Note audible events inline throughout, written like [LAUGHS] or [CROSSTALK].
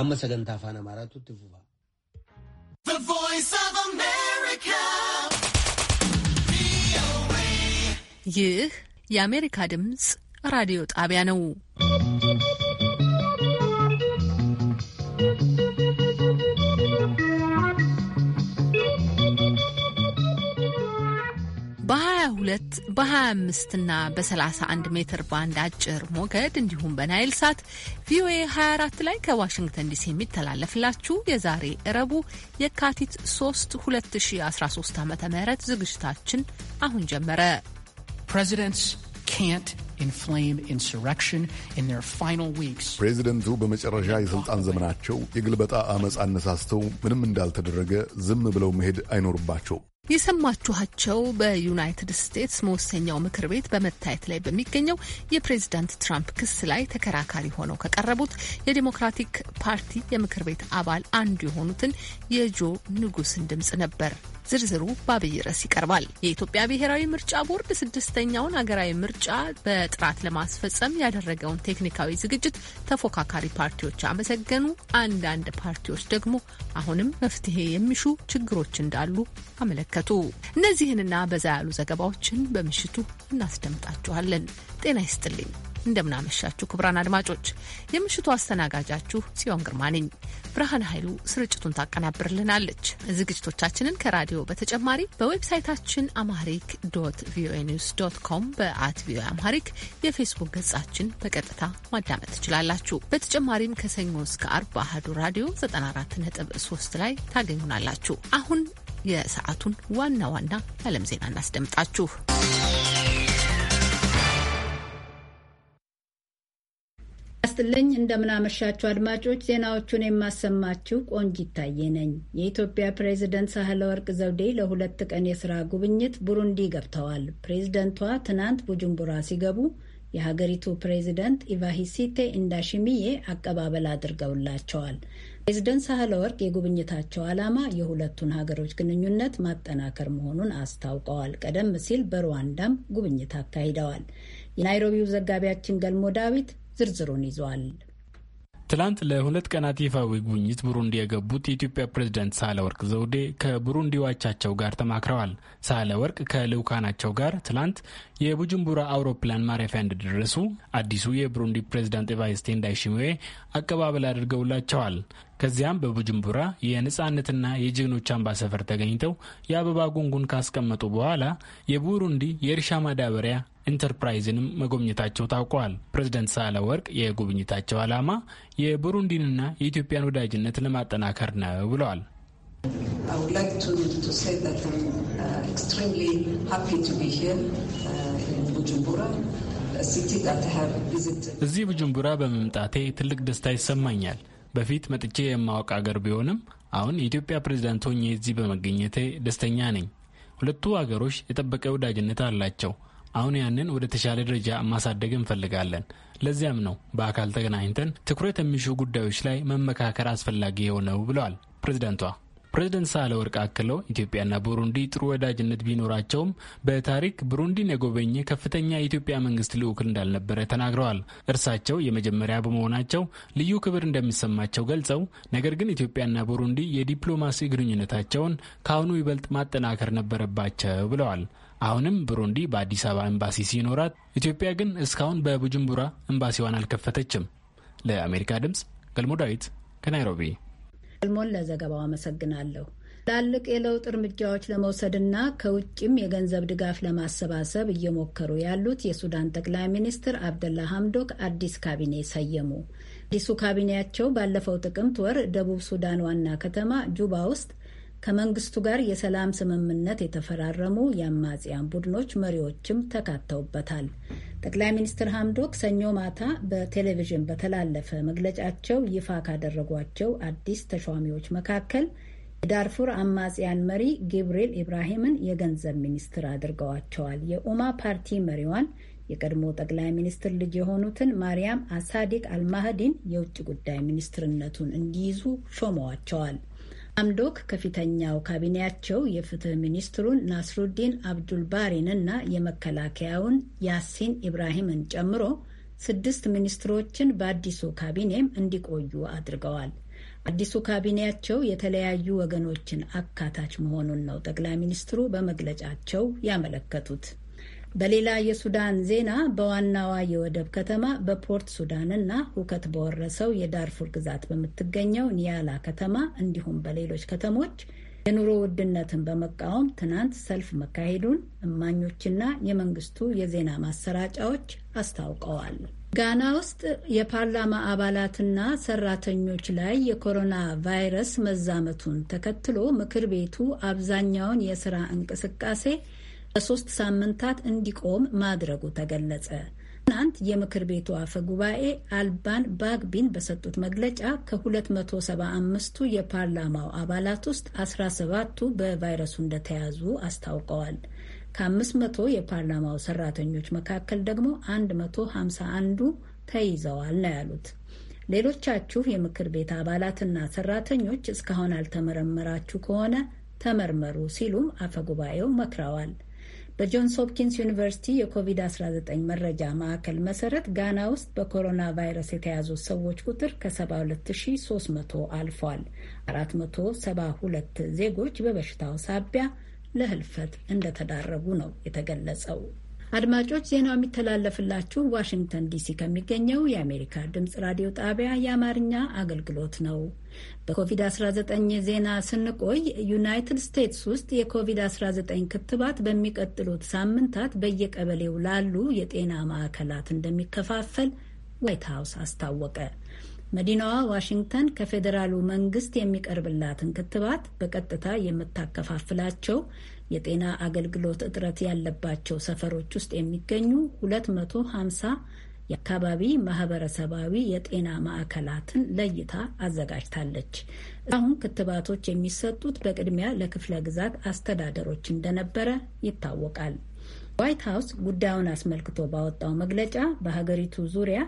amma sagantaa afaan amaaraatutti fufa. ይህ የአሜሪካ ድምፅ ራዲዮ ጣቢያ ነው። በ በ25 እና በ31 ሜትር ባንድ አጭር ሞገድ እንዲሁም በናይል ሳት ቪኦኤ 24 ላይ ከዋሽንግተን ዲሲ የሚተላለፍላችሁ የዛሬ እረቡ የካቲት 3 2013 ዓ ም ዝግጅታችን አሁን ጀመረ። ፕሬዚደንትስ ካንት ፕሬዚደንቱ በመጨረሻ የሥልጣን ዘመናቸው የግልበጣ ዓመፅ አነሳስተው ምንም እንዳልተደረገ ዝም ብለው መሄድ አይኖርባቸው። የሰማችኋቸው በዩናይትድ ስቴትስ መወሰኛው ምክር ቤት በመታየት ላይ በሚገኘው የፕሬዚዳንት ትራምፕ ክስ ላይ ተከራካሪ ሆነው ከቀረቡት የዲሞክራቲክ ፓርቲ የምክር ቤት አባል አንዱ የሆኑትን የጆ ንጉስን ድምጽ ነበር። ዝርዝሩ በአብይ ርዕስ ይቀርባል። የኢትዮጵያ ብሔራዊ ምርጫ ቦርድ ስድስተኛውን ሀገራዊ ምርጫ በጥራት ለማስፈጸም ያደረገውን ቴክኒካዊ ዝግጅት ተፎካካሪ ፓርቲዎች አመሰገኑ። አንዳንድ ፓርቲዎች ደግሞ አሁንም መፍትሄ የሚሹ ችግሮች እንዳሉ አመለከቱ። እነዚህንና በዛ ያሉ ዘገባዎችን በምሽቱ እናስደምጣችኋለን። ጤና ይስጥልኝ። እንደምናመሻችሁ ክቡራን አድማጮች፣ የምሽቱ አስተናጋጃችሁ ጽዮን ግርማ ነኝ። ብርሃን ኃይሉ ስርጭቱን ታቀናብርልናለች። ዝግጅቶቻችንን ከራዲዮ በተጨማሪ በዌብሳይታችን አማሪክ ዶት ቪኦኤ ኒውስ ዶት ኮም፣ በአት ቪኦኤ አማሪክ የፌስቡክ ገጻችን በቀጥታ ማዳመጥ ትችላላችሁ። በተጨማሪም ከሰኞ እስከ አርብ አህዱ ራዲዮ 94.3 ላይ ታገኙናላችሁ። አሁን የሰዓቱን ዋና ዋና የዓለም ዜና እናስደምጣችሁ። ይስጥልኝ እንደምናመሻችሁ አድማጮች፣ ዜናዎቹን የማሰማችሁ ቆንጅ ይታየ ነኝ። የኢትዮጵያ ፕሬዝደንት ሳህለ ወርቅ ዘውዴ ለሁለት ቀን የስራ ጉብኝት ቡሩንዲ ገብተዋል። ፕሬዝደንቷ ትናንት ቡጁምቡራ ሲገቡ የሀገሪቱ ፕሬዝደንት ኢቫሂሲቴ እንዳሽሚዬ አቀባበል አድርገውላቸዋል። ፕሬዝደንት ሳህለ ወርቅ የጉብኝታቸው ዓላማ የሁለቱን ሀገሮች ግንኙነት ማጠናከር መሆኑን አስታውቀዋል። ቀደም ሲል በሩዋንዳም ጉብኝት አካሂደዋል። የናይሮቢው ዘጋቢያችን ገልሞ ዳዊት ዝርዝሩን ይዟል። ትላንት ለሁለት ቀናት ይፋዊ ጉብኝት ቡሩንዲ የገቡት የኢትዮጵያ ፕሬዝደንት ሳህለ ወርቅ ዘውዴ ከቡሩንዲ ዋቻቸው ጋር ተማክረዋል። ሳህለ ወርቅ ከልዑካናቸው ጋር ትላንት የቡጅምቡራ አውሮፕላን ማረፊያ እንደደረሱ አዲሱ የቡሩንዲ ፕሬዝዳንት ኤቫይስቴ እንዳይሽሚዌ አቀባበል አድርገውላቸዋል። ከዚያም በቡጅምቡራ የነጻነትና የጀግኖች ሰፈር ተገኝተው የአበባ ጉንጉን ካስቀመጡ በኋላ የቡሩንዲ የእርሻ ማዳበሪያ ኢንተርፕራይዝንም መጎብኘታቸው ታውቋል። ፕሬዝደንት ሳለ ወርቅ የጉብኝታቸው ዓላማ የቡሩንዲንና የኢትዮጵያን ወዳጅነት ለማጠናከር ነው ብለዋል። uh, uh, እዚህ ቡጅምቡራ በመምጣቴ ትልቅ ደስታ ይሰማኛል። በፊት መጥቼ የማወቅ አገር ቢሆንም አሁን የኢትዮጵያ ፕሬዝዳንት ሆኜ እዚህ በመገኘቴ ደስተኛ ነኝ። ሁለቱ አገሮች የጠበቀ ወዳጅነት አላቸው። አሁን ያንን ወደ ተሻለ ደረጃ ማሳደግ እንፈልጋለን። ለዚያም ነው በአካል ተገናኝተን ትኩረት የሚሹ ጉዳዮች ላይ መመካከር አስፈላጊ የሆነው ብለዋል ፕሬዝዳንቷ። ፕሬዝደንት ሳህለ ወርቅ አክለው ኢትዮጵያና ቡሩንዲ ጥሩ ወዳጅነት ቢኖራቸውም በታሪክ ቡሩንዲን የጎበኘ ከፍተኛ የኢትዮጵያ መንግስት ልዑክ እንዳልነበረ ተናግረዋል። እርሳቸው የመጀመሪያ በመሆናቸው ልዩ ክብር እንደሚሰማቸው ገልጸው ነገር ግን ኢትዮጵያና ቡሩንዲ የዲፕሎማሲ ግንኙነታቸውን ከአሁኑ ይበልጥ ማጠናከር ነበረባቸው ብለዋል። አሁንም ብሩንዲ በአዲስ አበባ ኤምባሲ ሲኖራት ኢትዮጵያ ግን እስካሁን በቡጅምቡራ ኤምባሲዋን አልከፈተችም። ለአሜሪካ ድምፅ ገልሞ ዳዊት ከናይሮቢ ልሞን ለዘገባው አመሰግናለሁ። ትላልቅ የለውጥ እርምጃዎች ለመውሰድና ከውጭም የገንዘብ ድጋፍ ለማሰባሰብ እየሞከሩ ያሉት የሱዳን ጠቅላይ ሚኒስትር አብደላ ሐምዶክ አዲስ ካቢኔ ሰየሙ። አዲሱ ካቢኔያቸው ባለፈው ጥቅምት ወር ደቡብ ሱዳን ዋና ከተማ ጁባ ውስጥ ከመንግስቱ ጋር የሰላም ስምምነት የተፈራረሙ የአማጽያን ቡድኖች መሪዎችም ተካተውበታል። ጠቅላይ ሚኒስትር ሀምዶክ ሰኞ ማታ በቴሌቪዥን በተላለፈ መግለጫቸው ይፋ ካደረጓቸው አዲስ ተሿሚዎች መካከል የዳርፉር አማጽያን መሪ ጊብሪል ኢብራሂምን የገንዘብ ሚኒስትር አድርገዋቸዋል። የኡማ ፓርቲ መሪዋን የቀድሞ ጠቅላይ ሚኒስትር ልጅ የሆኑትን ማርያም አሳዲቅ አልማህዲን የውጭ ጉዳይ ሚኒስትርነቱን እንዲይዙ ሾመዋቸዋል። አምዶክ ከፊተኛው ካቢኔያቸው የፍትህ ሚኒስትሩን ናስሩዲን አብዱልባሪንና የመከላከያውን ያሲን ኢብራሂምን ጨምሮ ስድስት ሚኒስትሮችን በአዲሱ ካቢኔም እንዲቆዩ አድርገዋል። አዲሱ ካቢኔያቸው የተለያዩ ወገኖችን አካታች መሆኑን ነው ጠቅላይ ሚኒስትሩ በመግለጫቸው ያመለከቱት። በሌላ የሱዳን ዜና በዋናዋ የወደብ ከተማ በፖርት ሱዳንና ሁከት በወረሰው የዳርፉር ግዛት በምትገኘው ኒያላ ከተማ እንዲሁም በሌሎች ከተሞች የኑሮ ውድነትን በመቃወም ትናንት ሰልፍ መካሄዱን እማኞችና የመንግስቱ የዜና ማሰራጫዎች አስታውቀዋል። ጋና ውስጥ የፓርላማ አባላትና ሰራተኞች ላይ የኮሮና ቫይረስ መዛመቱን ተከትሎ ምክር ቤቱ አብዛኛውን የስራ እንቅስቃሴ ለሶስት ሳምንታት እንዲቆም ማድረጉ ተገለጸ። ትናንት የምክር ቤቱ አፈ ጉባኤ አልባን ባግቢን በሰጡት መግለጫ ከ275ቱ የፓርላማው አባላት ውስጥ 17ቱ በቫይረሱ እንደተያዙ አስታውቀዋል። ከ500 የፓርላማው ሰራተኞች መካከል ደግሞ 151ዱ ተይዘዋል ነው ያሉት። ሌሎቻችሁ የምክር ቤት አባላትና ሰራተኞች እስካሁን አልተመረመራችሁ ከሆነ ተመርመሩ ሲሉም አፈጉባኤው መክረዋል። በጆንስ ሆፕኪንስ ዩኒቨርሲቲ የኮቪድ-19 መረጃ ማዕከል መሰረት ጋና ውስጥ በኮሮና ቫይረስ የተያዙ ሰዎች ቁጥር ከ72300 አልፏል። 472 ዜጎች በበሽታው ሳቢያ ለህልፈት እንደተዳረጉ ነው የተገለጸው። አድማጮች ዜናው የሚተላለፍላችሁ ዋሽንግተን ዲሲ ከሚገኘው የአሜሪካ ድምፅ ራዲዮ ጣቢያ የአማርኛ አገልግሎት ነው። በኮቪድ-19 ዜና ስንቆይ ዩናይትድ ስቴትስ ውስጥ የኮቪድ-19 ክትባት በሚቀጥሉት ሳምንታት በየቀበሌው ላሉ የጤና ማዕከላት እንደሚከፋፈል ዋይት ሀውስ አስታወቀ። መዲናዋ ዋሽንግተን ከፌዴራሉ መንግስት የሚቀርብላትን ክትባት በቀጥታ የምታከፋፍላቸው የጤና አገልግሎት እጥረት ያለባቸው ሰፈሮች ውስጥ የሚገኙ 250 የአካባቢ ማህበረሰባዊ የጤና ማዕከላትን ለይታ አዘጋጅታለች። አሁን ክትባቶች የሚሰጡት በቅድሚያ ለክፍለ ግዛት አስተዳደሮች እንደነበረ ይታወቃል። ዋይት ሀውስ ጉዳዩን አስመልክቶ ባወጣው መግለጫ በሀገሪቱ ዙሪያ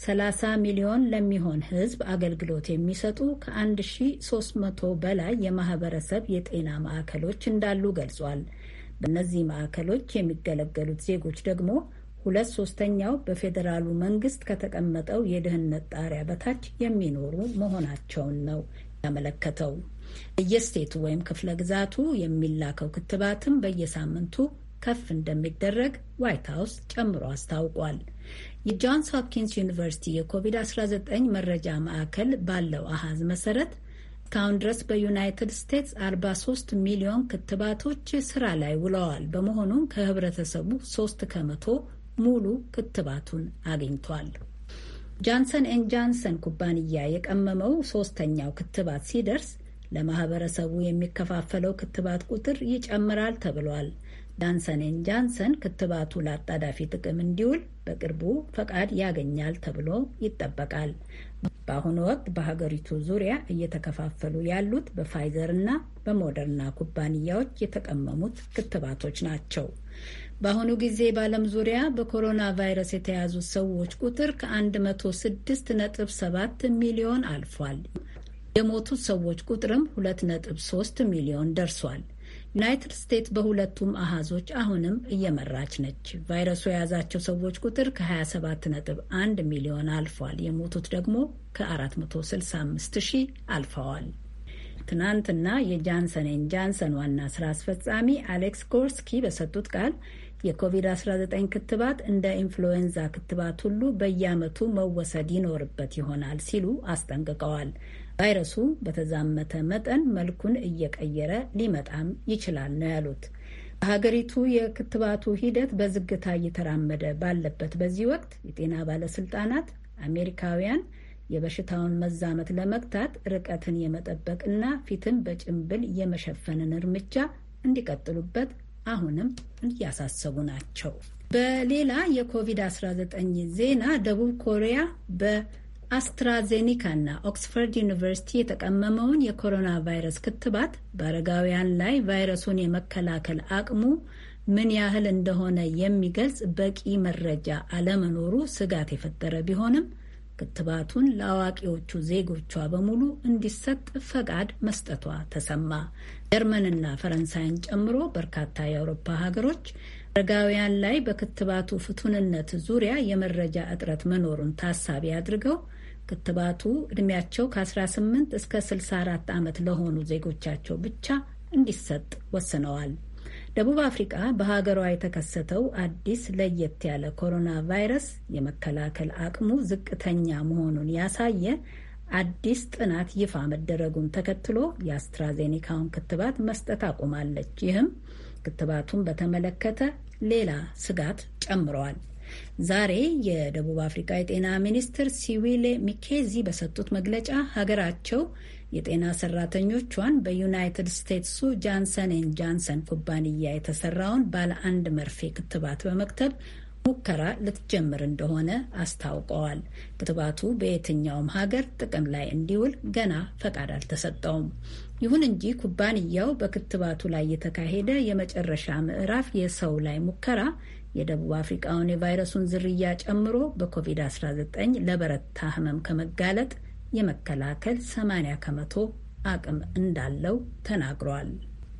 30 ሚሊዮን ለሚሆን ሕዝብ አገልግሎት የሚሰጡ ከ1300 በላይ የማህበረሰብ የጤና ማዕከሎች እንዳሉ ገልጿል። በእነዚህ ማዕከሎች የሚገለገሉት ዜጎች ደግሞ ሁለት ሶስተኛው በፌዴራሉ መንግስት ከተቀመጠው የድህነት ጣሪያ በታች የሚኖሩ መሆናቸውን ነው ያመለከተው። በየስቴቱ ወይም ክፍለ ግዛቱ የሚላከው ክትባትም በየሳምንቱ ከፍ እንደሚደረግ ዋይት ሀውስ ጨምሮ አስታውቋል። የጆንስ ሆፕኪንስ ዩኒቨርሲቲ የኮቪድ-19 መረጃ ማዕከል ባለው አሃዝ መሰረት እስካሁን ድረስ በዩናይትድ ስቴትስ 43 ሚሊዮን ክትባቶች ስራ ላይ ውለዋል። በመሆኑም ከህብረተሰቡ 3 ከመቶ ሙሉ ክትባቱን አግኝቷል። ጃንሰን ኤን ጃንሰን ኩባንያ የቀመመው ሶስተኛው ክትባት ሲደርስ ለማህበረሰቡ የሚከፋፈለው ክትባት ቁጥር ይጨምራል ተብሏል። ጃንሰን ጃንሰን ክትባቱ ለአጣዳፊ ጥቅም እንዲውል በቅርቡ ፈቃድ ያገኛል ተብሎ ይጠበቃል። በአሁኑ ወቅት በሀገሪቱ ዙሪያ እየተከፋፈሉ ያሉት በፋይዘር እና በሞደርና ኩባንያዎች የተቀመሙት ክትባቶች ናቸው። በአሁኑ ጊዜ በዓለም ዙሪያ በኮሮና ቫይረስ የተያዙ ሰዎች ቁጥር ከ106.7 ሚሊዮን አልፏል። የሞቱ ሰዎች ቁጥርም 2.3 ሚሊዮን ደርሷል። ዩናይትድ ስቴትስ በሁለቱም አሃዞች አሁንም እየመራች ነች። ቫይረሱ የያዛቸው ሰዎች ቁጥር ከ27.1 ሚሊዮን አልፏል። የሞቱት ደግሞ ከ465 ሺህ አልፈዋል። ትናንትና የጃንሰንን ጃንሰን ዋና ስራ አስፈጻሚ አሌክስ ጎርስኪ በሰጡት ቃል የኮቪድ-19 ክትባት እንደ ኢንፍሉዌንዛ ክትባት ሁሉ በየዓመቱ መወሰድ ይኖርበት ይሆናል ሲሉ አስጠንቅቀዋል። ቫይረሱ በተዛመተ መጠን መልኩን እየቀየረ ሊመጣም ይችላል ነው ያሉት። በሀገሪቱ የክትባቱ ሂደት በዝግታ እየተራመደ ባለበት በዚህ ወቅት የጤና ባለስልጣናት አሜሪካውያን የበሽታውን መዛመት ለመግታት ርቀትን የመጠበቅና ፊትን በጭንብል የመሸፈንን እርምጃ እንዲቀጥሉበት አሁንም እያሳሰቡ ናቸው። በሌላ የኮቪድ-19 ዜና ደቡብ ኮሪያ በ አስትራዜኒካና ኦክስፎርድ ዩኒቨርሲቲ የተቀመመውን የኮሮና ቫይረስ ክትባት በአረጋውያን ላይ ቫይረሱን የመከላከል አቅሙ ምን ያህል እንደሆነ የሚገልጽ በቂ መረጃ አለመኖሩ ስጋት የፈጠረ ቢሆንም ክትባቱን ለአዋቂዎቹ ዜጎቿ በሙሉ እንዲሰጥ ፈቃድ መስጠቷ ተሰማ። ጀርመንና ፈረንሳይን ጨምሮ በርካታ የአውሮፓ ሀገሮች አረጋውያን ላይ በክትባቱ ፍቱንነት ዙሪያ የመረጃ እጥረት መኖሩን ታሳቢ አድርገው ክትባቱ ዕድሜያቸው ከ18 እስከ 64 ዓመት ለሆኑ ዜጎቻቸው ብቻ እንዲሰጥ ወስነዋል። ደቡብ አፍሪቃ በሀገሯ የተከሰተው አዲስ ለየት ያለ ኮሮና ቫይረስ የመከላከል አቅሙ ዝቅተኛ መሆኑን ያሳየ አዲስ ጥናት ይፋ መደረጉን ተከትሎ የአስትራዜኒካውን ክትባት መስጠት አቁማለች። ይህም ክትባቱን በተመለከተ ሌላ ስጋት ጨምረዋል። ዛሬ የደቡብ አፍሪካ የጤና ሚኒስትር ሲዊሌ ሚኬዚ በሰጡት መግለጫ ሀገራቸው የጤና ሰራተኞቿን በዩናይትድ ስቴትሱ ጃንሰን ኤን ጃንሰን ኩባንያ የተሰራውን ባለ አንድ መርፌ ክትባት በመክተብ ሙከራ ልትጀምር እንደሆነ አስታውቀዋል። ክትባቱ በየትኛውም ሀገር ጥቅም ላይ እንዲውል ገና ፈቃድ አልተሰጠውም። ይሁን እንጂ ኩባንያው በክትባቱ ላይ የተካሄደ የመጨረሻ ምዕራፍ የሰው ላይ ሙከራ የደቡብ አፍሪቃውን የቫይረሱን ዝርያ ጨምሮ በኮቪድ-19 ለበረታ ህመም ከመጋለጥ የመከላከል 80 ከመቶ አቅም እንዳለው ተናግሯል።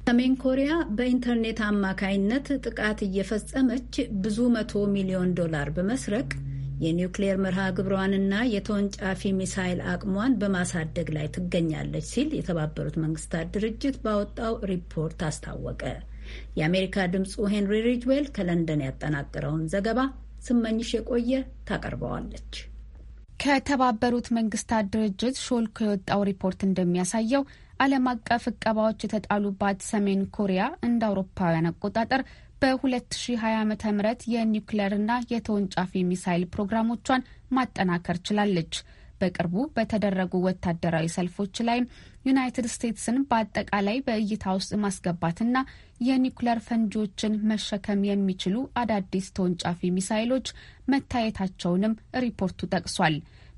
ሰሜን ኮሪያ በኢንተርኔት አማካይነት ጥቃት እየፈጸመች ብዙ መቶ ሚሊዮን ዶላር በመስረቅ የኒውክሌር መርሃ ግብሯንና የተወንጫፊ ሚሳይል አቅሟን በማሳደግ ላይ ትገኛለች ሲል የተባበሩት መንግስታት ድርጅት ባወጣው ሪፖርት አስታወቀ። የአሜሪካ ድምፁ ሄንሪ ሪጅዌል ከለንደን ያጠናቀረውን ዘገባ ስመኝሽ የቆየ ታቀርበዋለች። ከተባበሩት መንግስታት ድርጅት ሾልኮ የወጣው ሪፖርት እንደሚያሳየው ዓለም አቀፍ እቀባዎች የተጣሉባት ሰሜን ኮሪያ እንደ አውሮፓውያን አቆጣጠር በ2020 ዓ ም የኒውክሌርና የተወንጫፊ ሚሳይል ፕሮግራሞቿን ማጠናከር ችላለች። በቅርቡ በተደረጉ ወታደራዊ ሰልፎች ላይም ዩናይትድ ስቴትስን በአጠቃላይ በእይታ ውስጥ ማስገባትና የኒኩለር ፈንጂዎችን መሸከም የሚችሉ አዳዲስ ተወንጫፊ ሚሳይሎች መታየታቸውንም ሪፖርቱ ጠቅሷል።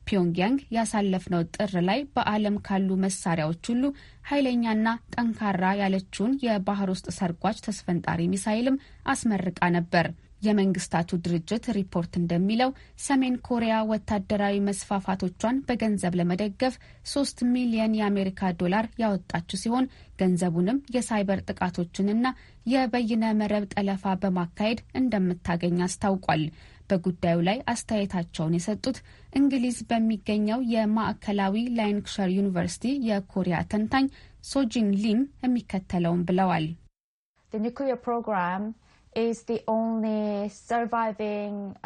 ፒዮንግያንግ ያሳለፍነው ጥር ላይ በዓለም ካሉ መሳሪያዎች ሁሉ ኃይለኛና ጠንካራ ያለችውን የባህር ውስጥ ሰርጓጅ ተስፈንጣሪ ሚሳይልም አስመርቃ ነበር። የመንግስታቱ ድርጅት ሪፖርት እንደሚለው ሰሜን ኮሪያ ወታደራዊ መስፋፋቶቿን በገንዘብ ለመደገፍ ሶስት ሚሊየን የአሜሪካ ዶላር ያወጣችው ሲሆን ገንዘቡንም የሳይበር ጥቃቶችንና የበይነ መረብ ጠለፋ በማካሄድ እንደምታገኝ አስታውቋል። በጉዳዩ ላይ አስተያየታቸውን የሰጡት እንግሊዝ በሚገኘው የማዕከላዊ ላይንክሸር ዩኒቨርሲቲ የኮሪያ ተንታኝ ሶጂን ሊም የሚከተለውን ብለዋል። The nuclear program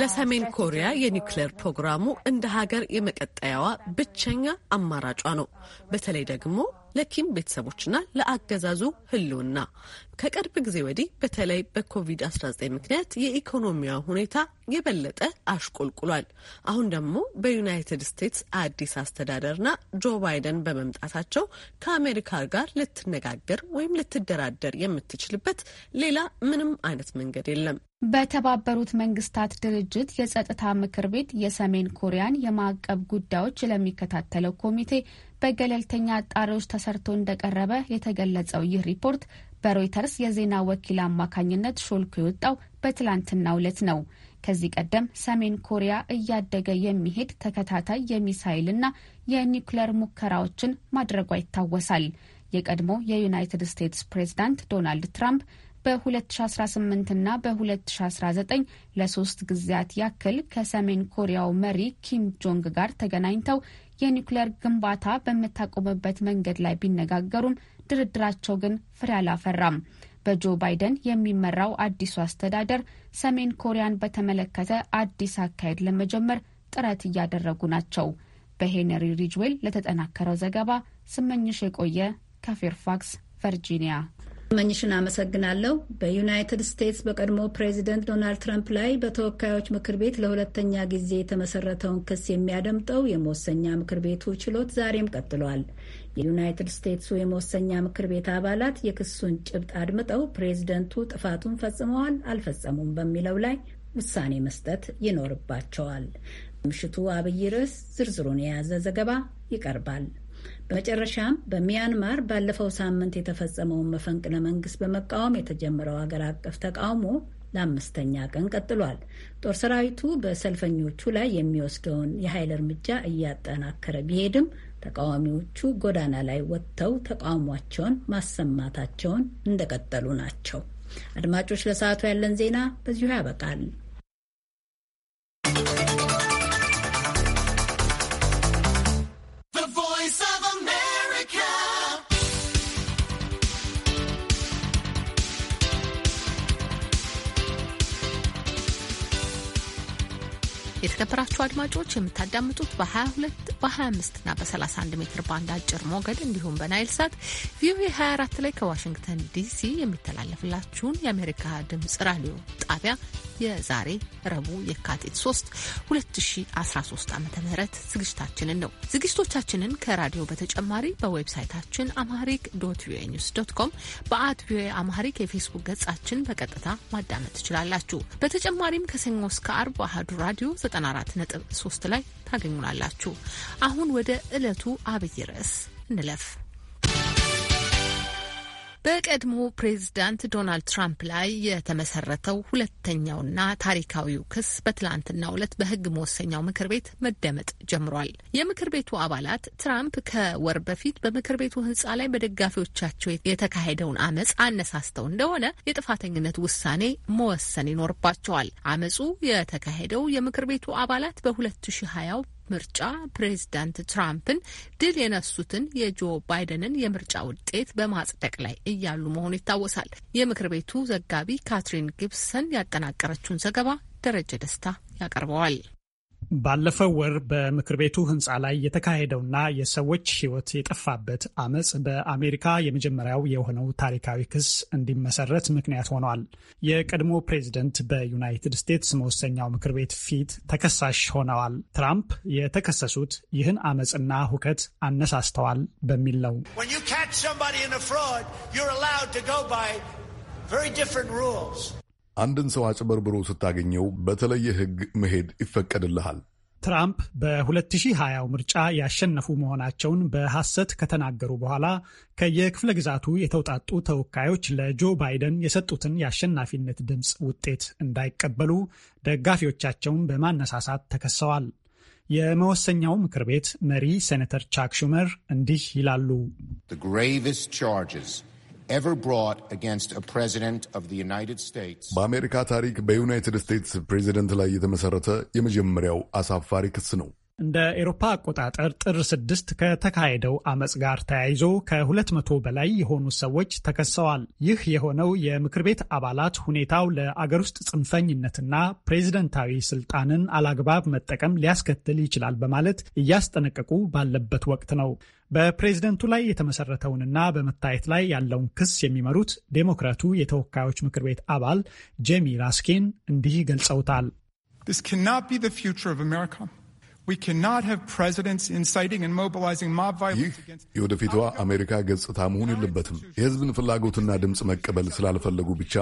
ለሰሜን uh, ኮሪያ የኒውክሌር ፕሮግራሙ እንደ ሀገር የመቀጠያዋ ብቸኛ አማራጯ ነው። በተለይ ደግሞ ለኪም ቤተሰቦችና ለአገዛዙ ህልውና ከቅርብ ጊዜ ወዲህ በተለይ በኮቪድ-19 ምክንያት የኢኮኖሚያ ሁኔታ የበለጠ አሽቆልቁሏል። አሁን ደግሞ በዩናይትድ ስቴትስ አዲስ አስተዳደርና ጆ ባይደን በመምጣታቸው ከአሜሪካ ጋር ልትነጋገር ወይም ልትደራደር የምትችልበት ሌላ ምንም አይነት መንገድ የለም። በተባበሩት መንግስታት ድርጅት የጸጥታ ምክር ቤት የሰሜን ኮሪያን የማዕቀብ ጉዳዮች ለሚከታተለው ኮሚቴ በገለልተኛ አጣሪዎች ተሰርቶ እንደቀረበ የተገለጸው ይህ ሪፖርት በሮይተርስ የዜና ወኪል አማካኝነት ሾልኮ የወጣው በትላንትናው ዕለት ነው። ከዚህ ቀደም ሰሜን ኮሪያ እያደገ የሚሄድ ተከታታይ የሚሳይልና የኒውክለር ሙከራዎችን ማድረጓ ይታወሳል። የቀድሞ የዩናይትድ ስቴትስ ፕሬዝዳንት ዶናልድ ትራምፕ በ2018 ና በ2019 ለሶስት ጊዜያት ያክል ከሰሜን ኮሪያው መሪ ኪም ጆንግ ጋር ተገናኝተው የኒውክሌር ግንባታ በምታቆምበት መንገድ ላይ ቢነጋገሩም ድርድራቸው ግን ፍሬ አላፈራም። በጆ ባይደን የሚመራው አዲሱ አስተዳደር ሰሜን ኮሪያን በተመለከተ አዲስ አካሄድ ለመጀመር ጥረት እያደረጉ ናቸው። በሄንሪ ሪጅዌል ለተጠናከረው ዘገባ ስመኝሽ የቆየ ከፌርፋክስ ቨርጂኒያ መኝሽን አመሰግናለሁ። በዩናይትድ ስቴትስ በቀድሞ ፕሬዚደንት ዶናልድ ትራምፕ ላይ በተወካዮች ምክር ቤት ለሁለተኛ ጊዜ የተመሰረተውን ክስ የሚያደምጠው የመወሰኛ ምክር ቤቱ ችሎት ዛሬም ቀጥሏል። የዩናይትድ ስቴትሱ የመወሰኛ ምክር ቤት አባላት የክሱን ጭብጥ አድምጠው ፕሬዚደንቱ ጥፋቱን ፈጽመዋል አልፈጸሙም በሚለው ላይ ውሳኔ መስጠት ይኖርባቸዋል። ምሽቱ አብይ ርዕስ ዝርዝሩን የያዘ ዘገባ ይቀርባል። በመጨረሻም በሚያንማር ባለፈው ሳምንት የተፈጸመውን መፈንቅለ መንግስት በመቃወም የተጀመረው አገር አቀፍ ተቃውሞ ለአምስተኛ ቀን ቀጥሏል። ጦር ሰራዊቱ በሰልፈኞቹ ላይ የሚወስደውን የኃይል እርምጃ እያጠናከረ ቢሄድም ተቃዋሚዎቹ ጎዳና ላይ ወጥተው ተቃውሟቸውን ማሰማታቸውን እንደቀጠሉ ናቸው። አድማጮች፣ ለሰዓቱ ያለን ዜና በዚሁ ያበቃል። የተከበራችሁ አድማጮች የምታዳምጡት በ22 በ25 እና በ31 ሜትር ባንድ አጭር ሞገድ እንዲሁም በናይል ሳት ቪኦኤ 24 ላይ ከዋሽንግተን ዲሲ የሚተላለፍላችሁን የአሜሪካ ድምጽ ራዲዮ ጣቢያ የዛሬ ረቡዕ የካቲት 3 2013 ዓ ም ዝግጅታችንን ነው። ዝግጅቶቻችንን ከራዲዮ በተጨማሪ በዌብሳይታችን አማሪክ ዶት ቪኦኤ ኒውስ ዶት ኮም፣ በአት ቪኦኤ አማሪክ የፌስቡክ ገጻችን በቀጥታ ማዳመጥ ትችላላችሁ። በተጨማሪም ከሰኞ እስከ አርብ አህዱ ራዲዮ 94.3 ላይ ታገኙናላችሁ። አሁን ወደ ዕለቱ አብይ ርዕስ እንለፍ። በቀድሞ ፕሬዝዳንት ዶናልድ ትራምፕ ላይ የተመሰረተው ሁለተኛውና ታሪካዊው ክስ በትላንትናው ዕለት በሕግ መወሰኛው ምክር ቤት መደመጥ ጀምሯል። የምክር ቤቱ አባላት ትራምፕ ከወር በፊት በምክር ቤቱ ሕንፃ ላይ በደጋፊዎቻቸው የተካሄደውን አመፅ አነሳስተው እንደሆነ የጥፋተኝነት ውሳኔ መወሰን ይኖርባቸዋል። አመፁ የተካሄደው የምክር ቤቱ አባላት በ2020 ምርጫ ፕሬዚዳንት ትራምፕን ድል የነሱትን የጆ ባይደንን የምርጫ ውጤት በማጽደቅ ላይ እያሉ መሆኑ ይታወሳል። የምክር ቤቱ ዘጋቢ ካትሪን ጊብሰን ያጠናቀረችውን ዘገባ ደረጀ ደስታ ያቀርበዋል። ባለፈው ወር በምክር ቤቱ ህንፃ ላይ የተካሄደውና የሰዎች ህይወት የጠፋበት አመፅ በአሜሪካ የመጀመሪያው የሆነው ታሪካዊ ክስ እንዲመሰረት ምክንያት ሆኗል። የቀድሞ ፕሬዚደንት በዩናይትድ ስቴትስ መወሰኛው ምክር ቤት ፊት ተከሳሽ ሆነዋል። ትራምፕ የተከሰሱት ይህን አመፅና ሁከት አነሳስተዋል በሚል ነው። አንድን ሰው አጭበርብሮ ስታገኘው በተለየ ሕግ መሄድ ይፈቀድልሃል። ትራምፕ በ2020 ምርጫ ያሸነፉ መሆናቸውን በሐሰት ከተናገሩ በኋላ ከየክፍለ ግዛቱ የተውጣጡ ተወካዮች ለጆ ባይደን የሰጡትን የአሸናፊነት ድምፅ ውጤት እንዳይቀበሉ ደጋፊዎቻቸውን በማነሳሳት ተከሰዋል። የመወሰኛው ምክር ቤት መሪ ሴኔተር ቻክ ሹመር እንዲህ ይላሉ። በአሜሪካ ታሪክ በዩናይትድ ስቴትስ ፕሬዚደንት ላይ የተመሰረተ የመጀመሪያው አሳፋሪ ክስ ነው። እንደ ኤሮፓ አቆጣጠር ጥር ስድስት ከተካሄደው አመፅ ጋር ተያይዞ ከሁለት መቶ በላይ የሆኑ ሰዎች ተከሰዋል። ይህ የሆነው የምክር ቤት አባላት ሁኔታው ለአገር ውስጥ ጽንፈኝነትና ፕሬዝደንታዊ ስልጣንን አላግባብ መጠቀም ሊያስከትል ይችላል በማለት እያስጠነቀቁ ባለበት ወቅት ነው። በፕሬዝደንቱ ላይ የተመሰረተውንና በመታየት ላይ ያለውን ክስ የሚመሩት ዴሞክራቱ የተወካዮች ምክር ቤት አባል ጄሚ ራስኬን እንዲህ ገልጸውታል። ይህ የወደፊቷ አሜሪካ ገጽታ መሆን የለበትም። የሕዝብን ፍላጎትና ድምፅ መቀበል ስላልፈለጉ ብቻ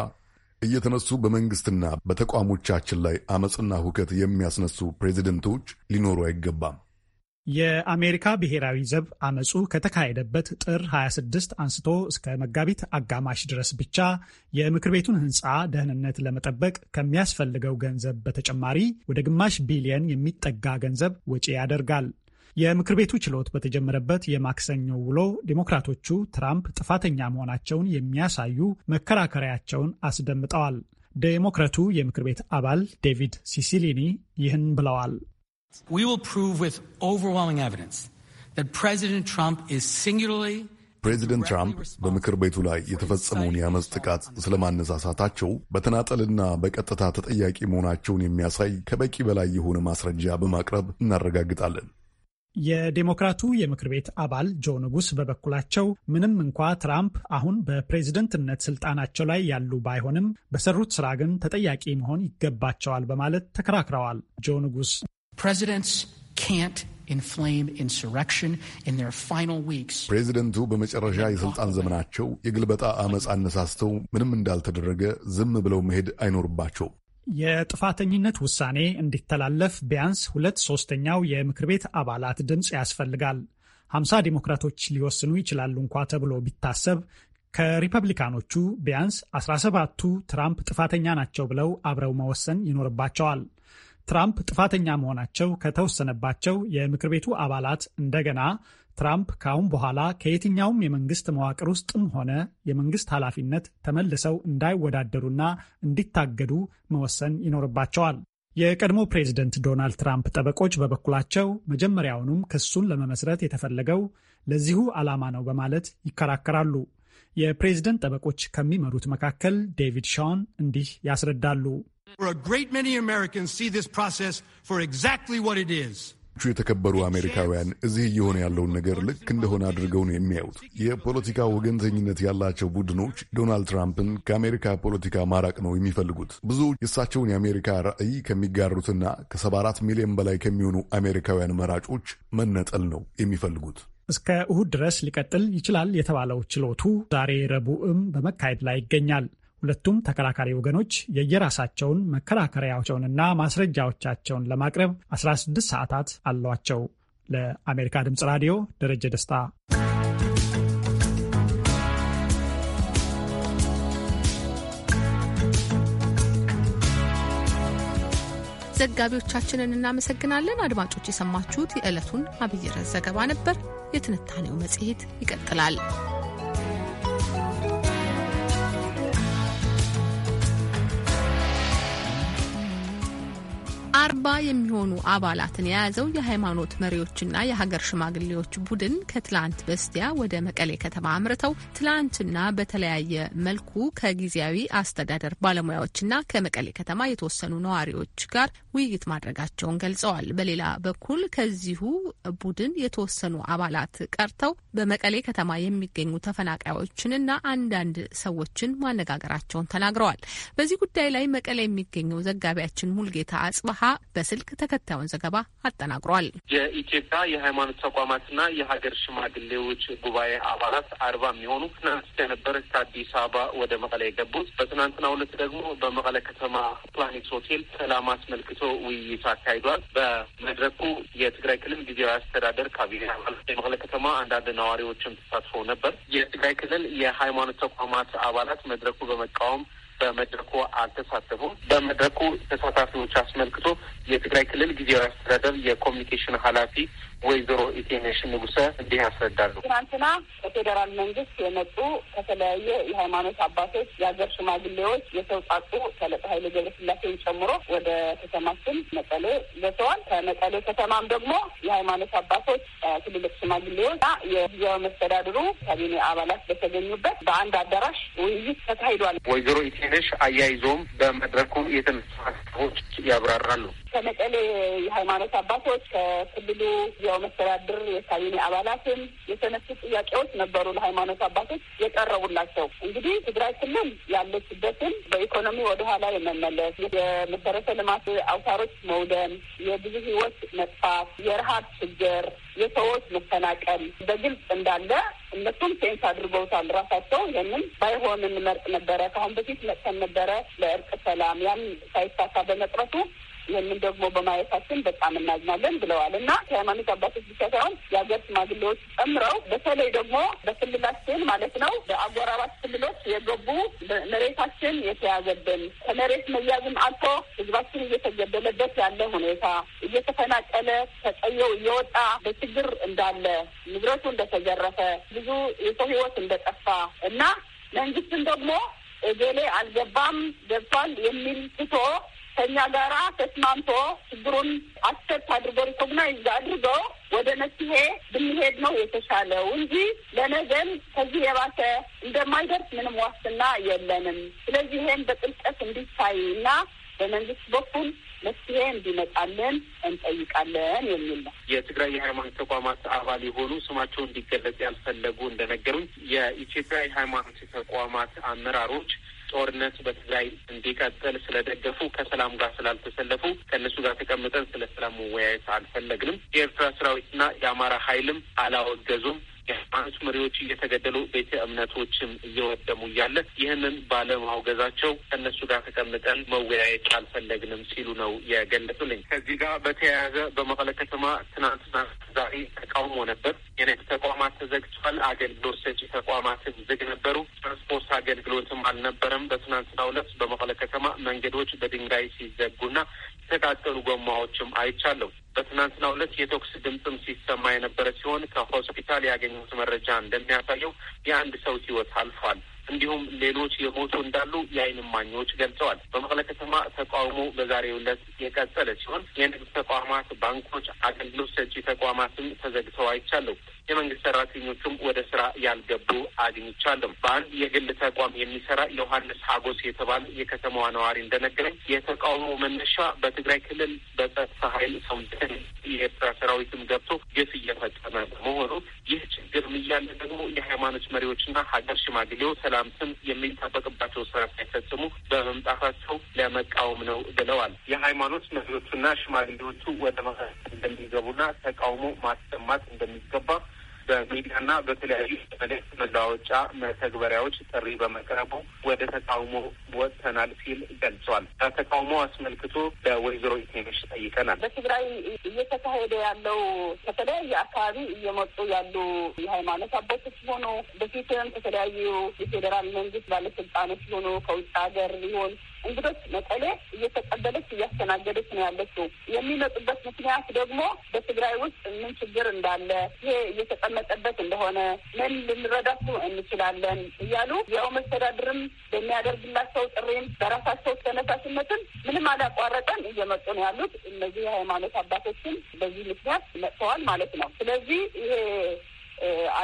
እየተነሱ በመንግስትና በተቋሞቻችን ላይ አመፅና ሁከት የሚያስነሱ ፕሬዚደንቶች ሊኖሩ አይገባም። የአሜሪካ ብሔራዊ ዘብ አመፁ ከተካሄደበት ጥር 26 አንስቶ እስከ መጋቢት አጋማሽ ድረስ ብቻ የምክር ቤቱን ሕንፃ ደህንነት ለመጠበቅ ከሚያስፈልገው ገንዘብ በተጨማሪ ወደ ግማሽ ቢሊየን የሚጠጋ ገንዘብ ወጪ ያደርጋል። የምክር ቤቱ ችሎት በተጀመረበት የማክሰኞ ውሎ ዴሞክራቶቹ ትራምፕ ጥፋተኛ መሆናቸውን የሚያሳዩ መከራከሪያቸውን አስደምጠዋል። ዴሞክራቱ የምክር ቤት አባል ዴቪድ ሲሲሊኒ ይህን ብለዋል። ፕሬዚደንት ትራምፕ በምክር ቤቱ ላይ የተፈጸመውን የአመፅ ጥቃት ስለማነሳሳታቸው በተናጠልና በቀጥታ ተጠያቂ መሆናቸውን የሚያሳይ ከበቂ በላይ የሆነ ማስረጃ በማቅረብ እናረጋግጣለን። የዴሞክራቱ የምክር ቤት አባል ጆ ንጉስ በበኩላቸው ምንም እንኳ ትራምፕ አሁን በፕሬዝደንትነት ስልጣናቸው ላይ ያሉ ባይሆንም በሰሩት ስራ ግን ተጠያቂ መሆን ይገባቸዋል በማለት ተከራክረዋል። ጆ ንጉስ Presidents can't ፕሬዚደንቱ በመጨረሻ የስልጣን ዘመናቸው የግልበጣ አመፅ አነሳስተው ምንም እንዳልተደረገ ዝም ብለው መሄድ አይኖርባቸው። የጥፋተኝነት ውሳኔ እንዲተላለፍ ቢያንስ ሁለት ሶስተኛው የምክር ቤት አባላት ድምፅ ያስፈልጋል። ሀምሳ ዲሞክራቶች ሊወስኑ ይችላሉ እንኳ ተብሎ ቢታሰብ ከሪፐብሊካኖቹ ቢያንስ 17ቱ ትራምፕ ጥፋተኛ ናቸው ብለው አብረው መወሰን ይኖርባቸዋል። ትራምፕ ጥፋተኛ መሆናቸው ከተወሰነባቸው የምክር ቤቱ አባላት እንደገና ትራምፕ ካሁን በኋላ ከየትኛውም የመንግስት መዋቅር ውስጥም ሆነ የመንግስት ኃላፊነት ተመልሰው እንዳይወዳደሩና እንዲታገዱ መወሰን ይኖርባቸዋል። የቀድሞ ፕሬዝደንት ዶናልድ ትራምፕ ጠበቆች በበኩላቸው መጀመሪያውኑም ክሱን ለመመስረት የተፈለገው ለዚሁ ዓላማ ነው በማለት ይከራከራሉ። የፕሬዝደንት ጠበቆች ከሚመሩት መካከል ዴቪድ ሻን እንዲህ ያስረዳሉ። የተከበሩ አሜሪካውያን እዚህ እየሆነ ያለውን ነገር ልክ እንደሆነ አድርገው ነው የሚያዩት። የፖለቲካ ወገንተኝነት ያላቸው ቡድኖች ዶናልድ ትራምፕን ከአሜሪካ ፖለቲካ ማራቅ ነው የሚፈልጉት። ብዙ የእሳቸውን የአሜሪካ ራዕይ ከሚጋሩትና ከ74 ሚሊዮን በላይ ከሚሆኑ አሜሪካውያን መራጮች መነጠል ነው የሚፈልጉት። እስከ እሁድ ድረስ ሊቀጥል ይችላል የተባለው ችሎቱ ዛሬ ረቡዕም በመካሄድ ላይ ይገኛል። ሁለቱም ተከራካሪ ወገኖች የየራሳቸውን መከራከሪያቸውንና ማስረጃዎቻቸውን ለማቅረብ 16 ሰዓታት አሏቸው። ለአሜሪካ ድምፅ ራዲዮ ደረጀ ደስታ። ዘጋቢዎቻችንን እናመሰግናለን። አድማጮች የሰማችሁት የዕለቱን አብይ ርዕስ ዘገባ ነበር። የትንታኔው መጽሔት ይቀጥላል። አርባ የሚሆኑ አባላትን የያዘው የሃይማኖት መሪዎችና የሀገር ሽማግሌዎች ቡድን ከትላንት በስቲያ ወደ መቀሌ ከተማ አምርተው ትላንትና በተለያየ መልኩ ከጊዜያዊ አስተዳደር ባለሙያዎችና ከመቀሌ ከተማ የተወሰኑ ነዋሪዎች ጋር ውይይት ማድረጋቸውን ገልጸዋል። በሌላ በኩል ከዚሁ ቡድን የተወሰኑ አባላት ቀርተው በመቀሌ ከተማ የሚገኙ ተፈናቃዮችንና አንዳንድ ሰዎችን ማነጋገራቸውን ተናግረዋል። በዚህ ጉዳይ ላይ መቀሌ የሚገኘው ዘጋቢያችን ሙልጌታ አጽበሀ በስልክ ተከታዩን ዘገባ አጠናቅሯል። የኢትዮጵያ የሃይማኖት ተቋማትና የሀገር ሽማግሌዎች ጉባኤ አባላት አርባ የሚሆኑ ትናንት የነበረ ከአዲስ አበባ ወደ መቀሌ የገቡት በትናንትናው ዕለት ደግሞ በመቀሌ ከተማ ፕላኔት ሆቴል ሰላም አስመልክቶ ውይይት አካሂዷል። በመድረኩ የትግራይ ክልል ጊዜያዊ አስተዳደር ካቢኔ አባላት፣ የመቀለ ከተማ አንዳንድ ነዋሪዎችም ተሳትፎ ነበር። የትግራይ ክልል የሃይማኖት ተቋማት አባላት መድረኩ በመቃወም በመድረኩ አልተሳተፉም። በመድረኩ ተሳታፊዎች አስመልክቶ የትግራይ ክልል ጊዜያዊ አስተዳደር የኮሚኒኬሽን ኃላፊ ወይዘሮ ኢቴሜሽ ንጉሰ እንዲህ ያስረዳሉ። ትናንትና ከፌዴራል መንግስት የመጡ ከተለያየ የሃይማኖት አባቶች፣ የሀገር ሽማግሌዎች የተውጣጡ ተለጠ ኃይሌ ገብረስላሴን ጨምሮ ወደ ከተማችን መቀሌ ገብተዋል። ከመቀሌ ከተማም ደግሞ የሃይማኖት አባቶች፣ ትልልቅ ሽማግሌዎች እና የጊዜያዊ መስተዳድሩ ካቢኔ አባላት በተገኙበት በአንድ አዳራሽ ውይይት ተካሂዷል። ወይዘሮ ኢቴሜሽ አያይዞም በመድረኩ የተነሱ ሀሳቦች ያብራራሉ። ከመቀሌ የሃይማኖት አባቶች ከክልሉ ያው መስተዳድር የካቢኔ አባላትም የተነሱ ጥያቄዎች ነበሩ ለሃይማኖት አባቶች የቀረቡላቸው። እንግዲህ ትግራይ ክልል ያለችበትን በኢኮኖሚ ወደኋላ የመመለስ የመሰረተ ልማት አውታሮች መውደም፣ የብዙ ህይወት መጥፋት፣ የረሀብ ችግር፣ የሰዎች መፈናቀል በግልጽ እንዳለ እነሱም ሴንስ አድርገውታል ራሳቸው። ይህንም ባይሆን እንመርጥ ነበረ፣ ከአሁን በፊት መጥተን ነበረ ለእርቅ ሰላም። ያን ሳይሳካ በመቅረቱ ይህንን ደግሞ በማየታችን በጣም እናዝናለን ብለዋል እና ከሃይማኖት አባቶች ብቻ ሳይሆን የሀገር ሽማግሌዎች ጨምረው በተለይ ደግሞ በክልላችን ማለት ነው በአጎራባት ክልሎች የገቡ መሬታችን የተያዘብን ከመሬት መያዝም አልፎ ህዝባችን እየተገደለበት ያለ ሁኔታ እየተፈናቀለ ተቀየው እየወጣ በችግር እንዳለ ንብረቱ እንደተዘረፈ ብዙ የሰው ህይወት እንደጠፋ እና መንግስትን ደግሞ እገሌ አልገባም ገብቷል የሚል ትቶ ከእኛ ጋራ ተስማምቶ ችግሩን አክሰፕት አድርጎ ሪኮግናይዝ አድርጎ ወደ መፍትሄ ብንሄድ ነው የተሻለው እንጂ ለነዘን ከዚህ የባሰ እንደማይደርስ ምንም ዋስትና የለንም። ስለዚህ ይሄን በጥልቀት እንዲታይ እና በመንግስት በኩል መፍትሄ እንዲመጣልን እንጠይቃለን የሚል ነው። የትግራይ የሃይማኖት ተቋማት አባል የሆኑ ስማቸው እንዲገለጽ ያልፈለጉ እንደነገሩኝ የኢትዮጵያ የሃይማኖት ተቋማት አመራሮች ጦርነት በትግራይ እንዲቀጥል ስለደገፉ ከሰላም ጋር ስላልተሰለፉ ከእነሱ ጋር ተቀምጠን ስለ ሰላም መወያየት አልፈለግንም። የኤርትራ ሰራዊትና የአማራ ኃይልም አላወገዙም። የሃይማኖት መሪዎች እየተገደሉ ቤተ እምነቶችም እየወደሙ እያለ ይህንን ባለማውገዛቸው ከእነሱ ጋር ተቀምጠን መወያየት አልፈለግንም ሲሉ ነው የገለጹልኝ። ከዚህ ጋር በተያያዘ በመቀለ ከተማ ትናንትና ዛሬ ተቃውሞ ነበር። የንግድ ተቋማት ተዘግቷል። አገልግሎት ሰጪ ተቋማትም ዝግ ነበሩ። ትራንስፖርት አገልግሎትም አልነበረም። በትናንትናው ዕለት በመቀለ ከተማ መንገዶች በድንጋይ ሲዘጉና የተቃጠሉ ጎማዎችም አይቻለሁ። በትናንትና ሁለት የተኩስ ድምፅም ሲሰማ የነበረ ሲሆን ከሆስፒታል ያገኙት መረጃ እንደሚያሳየው የአንድ ሰው ህይወት አልፏል። እንዲሁም ሌሎች የሞቱ እንዳሉ የአይን እማኞች ገልጸዋል። በመቀለ ከተማ ተቃውሞ በዛሬው ዕለት የቀጠለ ሲሆን የንግድ ተቋማት፣ ባንኮች፣ አገልግሎት ሰጪ ተቋማትም ተዘግተው አይቻለሁ። የመንግስት ሰራተኞቹም ወደ ስራ ያልገቡ አግኝቻለሁ። በአንድ የግል ተቋም የሚሰራ ዮሐንስ ሀጎስ የተባለ የከተማዋ ነዋሪ እንደነገረኝ የተቃውሞ መነሻ በትግራይ ክልል በጸጥታ ኃይል ሰውነትን የኤርትራ ሰራዊትም ገብቶ ግፍ እየፈጸመ በመሆኑ ይህ ችግር ምያለ ደግሞ የሃይማኖት መሪዎችና ሀገር ሽማግሌው ሰላ በሰላም የሚጣበቅባቸው የሚጠበቅባቸው ስራ ሳይፈጽሙ በመምጣታቸው ለመቃወም ነው ብለዋል። የሃይማኖት መሪዎቹና ሽማግሌዎቹ ወደ መካከል እንደሚገቡና ተቃውሞ ማሰማት እንደሚገባ በሚዲያና በተለያዩ መልእክት መለዋወጫ መተግበሪያዎች ጥሪ በመቅረቡ ወደ ተቃውሞ ወጥተናል ሲል ገልጿል። ተቃውሞ አስመልክቶ በወይዘሮ ኢትኔሽ ጠይቀናል። በትግራይ እየተካሄደ ያለው ከተለያየ አካባቢ እየመጡ ያሉ የሃይማኖት አባቶች ሆኖ በፊትም ከተለያዩ የፌዴራል መንግስት ባለስልጣኖች ሆኖ ከውጭ ሀገር ሊሆን እንግዶች መቀሌ እየተቀበለች እያስተናገደች ነው ያለችው። የሚመጡበት ምክንያት ደግሞ በትግራይ ውስጥ ምን ችግር እንዳለ ይሄ እየተቀመጠበት እንደሆነ ምን ልንረዳቱ እንችላለን እያሉ ያው መስተዳድርም በሚያደርግላቸው ጥሪም በራሳቸው ተነሳሽነትም ምንም አላቋረጠን እየመጡ ነው ያሉት። እነዚህ የሃይማኖት አባቶችን በዚህ ምክንያት መጥተዋል ማለት ነው። ስለዚህ ይሄ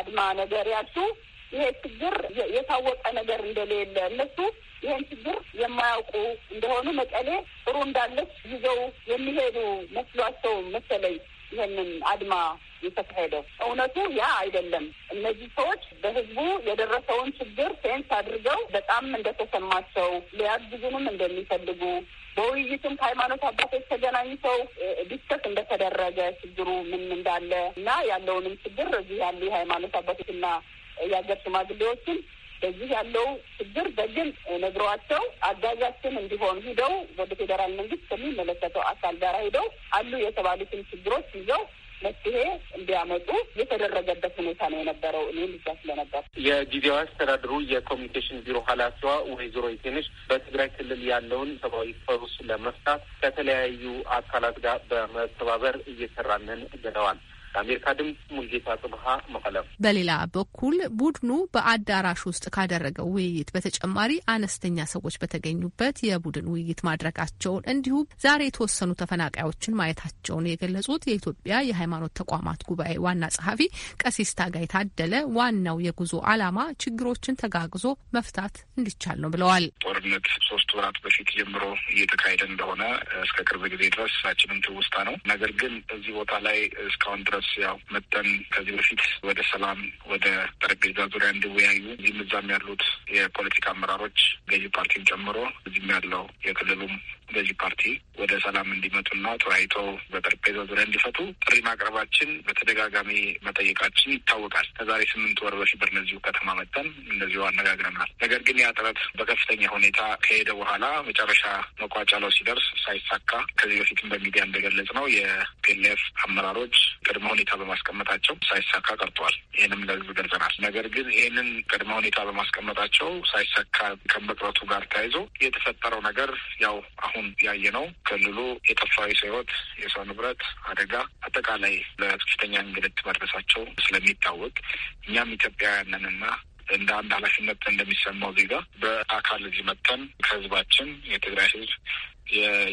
አድማ ነገር ያልሱ ይሄ ችግር የታወቀ ነገር እንደሌለ እነሱ ይህን ችግር የማያውቁ እንደሆኑ መቀሌ ጥሩ እንዳለች ይዘው የሚሄዱ መስሏቸው መሰለኝ ይህንን አድማ የተካሄደው። እውነቱ ያ አይደለም። እነዚህ ሰዎች በህዝቡ የደረሰውን ችግር ሴንስ አድርገው በጣም እንደተሰማቸው ሊያግዙንም እንደሚፈልጉ በውይይቱም ከሃይማኖት አባቶች ተገናኝተው ዲስከስ እንደተደረገ ችግሩ ምን እንዳለ እና ያለውንም ችግር እዚህ ያሉ የሃይማኖት አባቶችና የአገር ሽማግሌዎችን በዚህ ያለው ችግር በግልጽ ነግረዋቸው አጋዣችን እንዲሆን ሂደው ወደ ፌዴራል መንግስት ከሚመለከተው አካል ጋር ሂደው አሉ የተባሉትን ችግሮች ይዘው መፍትሄ እንዲያመጡ የተደረገበት ሁኔታ ነው የነበረው። እኔ ልጃ ስለነበር የጊዜዋ አስተዳድሩ የኮሚኒኬሽን ቢሮ ኃላፊዋ ወይዘሮ ይቴንሽ በትግራይ ክልል ያለውን ሰብአዊ ፈሩስ ለመፍታት ከተለያዩ አካላት ጋር በመተባበር እየሰራንን ብለዋል። ለአሜሪካ ድምፅ ሙልጌታ ጽብሀ መቀለም። በሌላ በኩል ቡድኑ በአዳራሽ ውስጥ ካደረገው ውይይት በተጨማሪ አነስተኛ ሰዎች በተገኙበት የቡድን ውይይት ማድረጋቸውን እንዲሁም ዛሬ የተወሰኑ ተፈናቃዮችን ማየታቸውን የገለጹት የኢትዮጵያ የሃይማኖት ተቋማት ጉባኤ ዋና ጸሐፊ ቀሲስ ታጋይ ታደለ ዋናው የጉዞ ዓላማ ችግሮችን ተጋግዞ መፍታት እንዲቻል ነው ብለዋል። ጦርነት ሶስት ወራት በፊት ጀምሮ እየተካሄደ እንደሆነ እስከ ቅርብ ጊዜ ድረስ ሳችንም ትውስታ ነው። ነገር ግን እዚህ ቦታ ላይ እስካሁን ድረስ ድረስ ያው መጠን ከዚህ በፊት ወደ ሰላም ወደ ጠረጴዛ ዙሪያ እንዲወያዩ እዚህም እዛም ያሉት የፖለቲካ አመራሮች ገዢ ፓርቲን ጨምሮ እዚህም ያለው የክልሉም ገዢ ፓርቲ ወደ ሰላም እንዲመጡና ተወያይቶ በጠረጴዛ ዙሪያ እንዲፈቱ ጥሪ ማቅረባችን በተደጋጋሚ መጠየቃችን ይታወቃል። ከዛሬ ስምንት ወር በፊት በእነዚሁ ከተማ መጠን እንደዚሁ አነጋግረናል። ነገር ግን ያ ጥረት በከፍተኛ ሁኔታ ከሄደ በኋላ መጨረሻ መቋጫ ለው ሲደርስ ሳይሳካ ከዚህ በፊትም በሚዲያ እንደገለጽ ነው የፒኤልኤፍ አመራሮች ቅድመ ሁኔታ በማስቀመጣቸው ሳይሳካ ቀርተዋል። ይህንም ለህዝብ ገልጸናል። ነገር ግን ይህንን ቅድመ ሁኔታ በማስቀመጣቸው ሳይሳካ ከመቅረቱ ጋር ተያይዞ የተፈጠረው ነገር ያው አሁን አሁን ነው ክልሉ የጠፋው የሰው የሰው ንብረት አደጋ አጠቃላይ ለከፍተኛ እንግልት መድረሳቸው ስለሚታወቅ እኛም ኢትዮጵያውያንንና እንደ አንድ ኃላፊነት እንደሚሰማው ዜጋ በአካል እዚህ መጥተን ከህዝባችን የትግራይ ህዝብ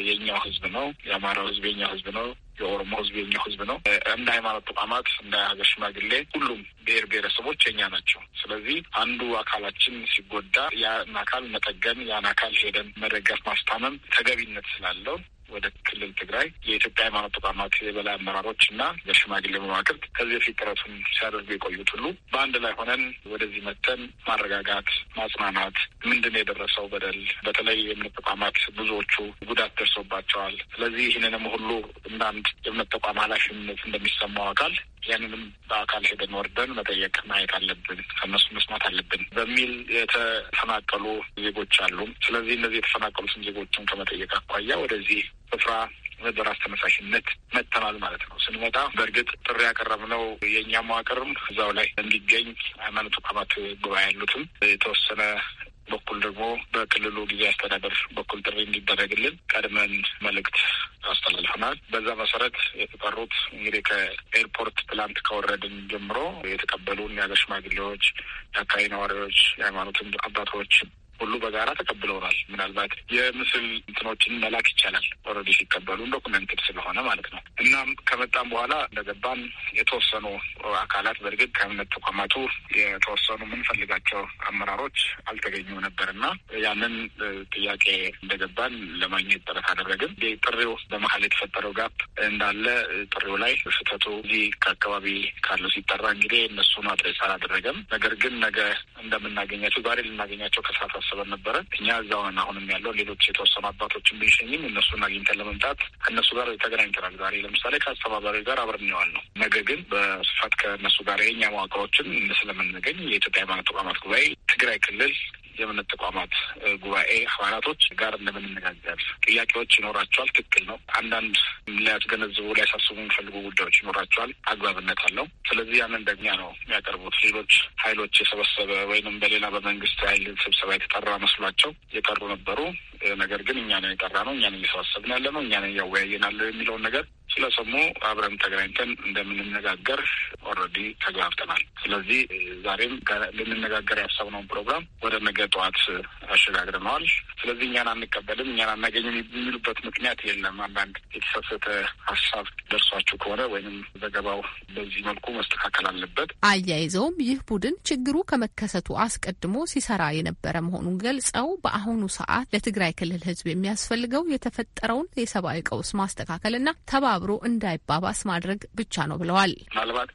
የኛው ህዝብ ነው፣ የአማራው ህዝብ የኛው ህዝብ ነው የኦሮሞ ህዝብ የኛ ህዝብ ነው። እንደ ሃይማኖት ተቋማት፣ እንደ ሀገር ሽማግሌ ሁሉም ብሔር ብሔረሰቦች የኛ ናቸው። ስለዚህ አንዱ አካላችን ሲጎዳ ያን አካል መጠገን፣ ያን አካል ሄደን መደገፍ፣ ማስታመም ተገቢነት ስላለው ወደ ክልል ትግራይ የኢትዮጵያ ሃይማኖት ተቋማት የበላይ አመራሮች እና በሽማግሌ መዋቅርት ከዚህ በፊት ጥረቱን ሲያደርጉ የቆዩት ሁሉ በአንድ ላይ ሆነን ወደዚህ መተን ማረጋጋት፣ ማጽናናት ምንድን የደረሰው በደል በተለይ የእምነት ተቋማት ብዙዎቹ ጉዳት ደርሶባቸዋል። ስለዚህ ይህንንም ሁሉ እንደ አንድ የእምነት ተቋም ኃላፊነት እንደሚሰማው አካል ያንንም በአካል ሄደን ወርደን መጠየቅ ማየት አለብን፣ ከነሱ መስማት አለብን በሚል የተፈናቀሉ ዜጎች አሉ። ስለዚህ እነዚህ የተፈናቀሉትን ዜጎችን ከመጠየቅ አኳያ ወደዚህ ስፍራ በራስ ተመሳሽነት መጥተናል ማለት ነው። ስንመጣ በእርግጥ ጥሪ ያቀረብነው የእኛ መዋቅርም እዛው ላይ እንዲገኝ ሃይማኖት ተቋማት ጉባኤ ያሉትም የተወሰነ በኩል ደግሞ በክልሉ ጊዜ አስተዳደር በኩል ጥሪ እንዲደረግልን ቀድመን መልእክት አስተላልፈናል። በዛ መሰረት የተጠሩት እንግዲህ ከኤርፖርት ትላንት ከወረድን ጀምሮ የተቀበሉን የሀገር ሽማግሌዎች፣ የአካባቢ ነዋሪዎች፣ የሃይማኖትን አባቶች ሁሉ በጋራ ተቀብለውናል። ምናልባት የምስል እንትኖችን መላክ ይቻላል። ኦልሬዲ ሲቀበሉ ዶኩመንትድ ስለሆነ ማለት ነው። እናም ከመጣም በኋላ እንደገባን የተወሰኑ አካላት በእርግጥ ከእምነት ተቋማቱ የተወሰኑ የምንፈልጋቸው አመራሮች አልተገኙ ነበር እና ያንን ጥያቄ እንደገባን ለማግኘት ጥረት አደረግን። ጥሪው በመሀል የተፈጠረው ጋፕ እንዳለ ጥሪው ላይ ስህተቱ እዚህ ከአካባቢ ካለው ሲጠራ እንግዲህ እነሱን አድሬስ አላደረገም። ነገር ግን ነገ እንደምናገኛቸው ዛሬ ልናገኛቸው ከሳፋስ አስበን ነበረ። እኛ እዛው ነን አሁንም ያለው ሌሎች የተወሰኑ አባቶችን ብንሸኝም እነሱን አግኝተን ለመምጣት ከእነሱ ጋር ተገናኝተናል። ዛሬ ለምሳሌ ከአስተባባሪ ጋር አብረን ነው። ነገ ግን በስፋት ከእነሱ ጋር የእኛ መዋቅሮችን ስለምንገኝ የኢትዮጵያ ሃይማኖት ተቋማት ጉባኤ ትግራይ ክልል የእምነት ተቋማት ጉባኤ አባላቶች ጋር እንደምንነጋገር ጥያቄዎች ይኖራቸዋል። ትክክል ነው። አንዳንድ ሊያስገነዝቡ ሊያሳስቡ የሚፈልጉ ጉዳዮች ይኖራቸዋል። አግባብነት አለው። ስለዚህ ያንን ደግኛ ነው የሚያቀርቡት። ሌሎች ኃይሎች የሰበሰበ ወይንም በሌላ በመንግስት ኃይል ስብሰባ የተጠራ መስሏቸው የቀሩ ነበሩ። ነገር ግን እኛ ነው የጠራ ነው፣ እኛ ነው እየሰበሰብን ያለ ነው፣ እኛ ነው እያወያየን ያለው የሚለውን ነገር ስለሰሙ አብረን ተገናኝተን እንደምንነጋገር ኦልሬዲ ተግባብተናል። ስለዚህ ዛሬም ልንነጋገር ያሰብነውን ፕሮግራም ወደ ነገ ጠዋት አሸጋግረነዋል። ስለዚህ እኛን አንቀበልም፣ እኛን አናገኝም የሚሉበት ምክንያት የለም። አንዳንድ የተሳሳተ ሀሳብ ደርሷችሁ ከሆነ ወይም ዘገባው በዚህ መልኩ መስተካከል አለበት። አያይዘውም ይህ ቡድን ችግሩ ከመከሰቱ አስቀድሞ ሲሰራ የነበረ መሆኑን ገልጸው በአሁኑ ሰዓት ለትግራይ ክልል ሕዝብ የሚያስፈልገው የተፈጠረውን የሰብአዊ ቀውስ ማስተካከልና ተባ አብሮ እንዳይባባስ ማድረግ ብቻ ነው ብለዋል። ምናልባት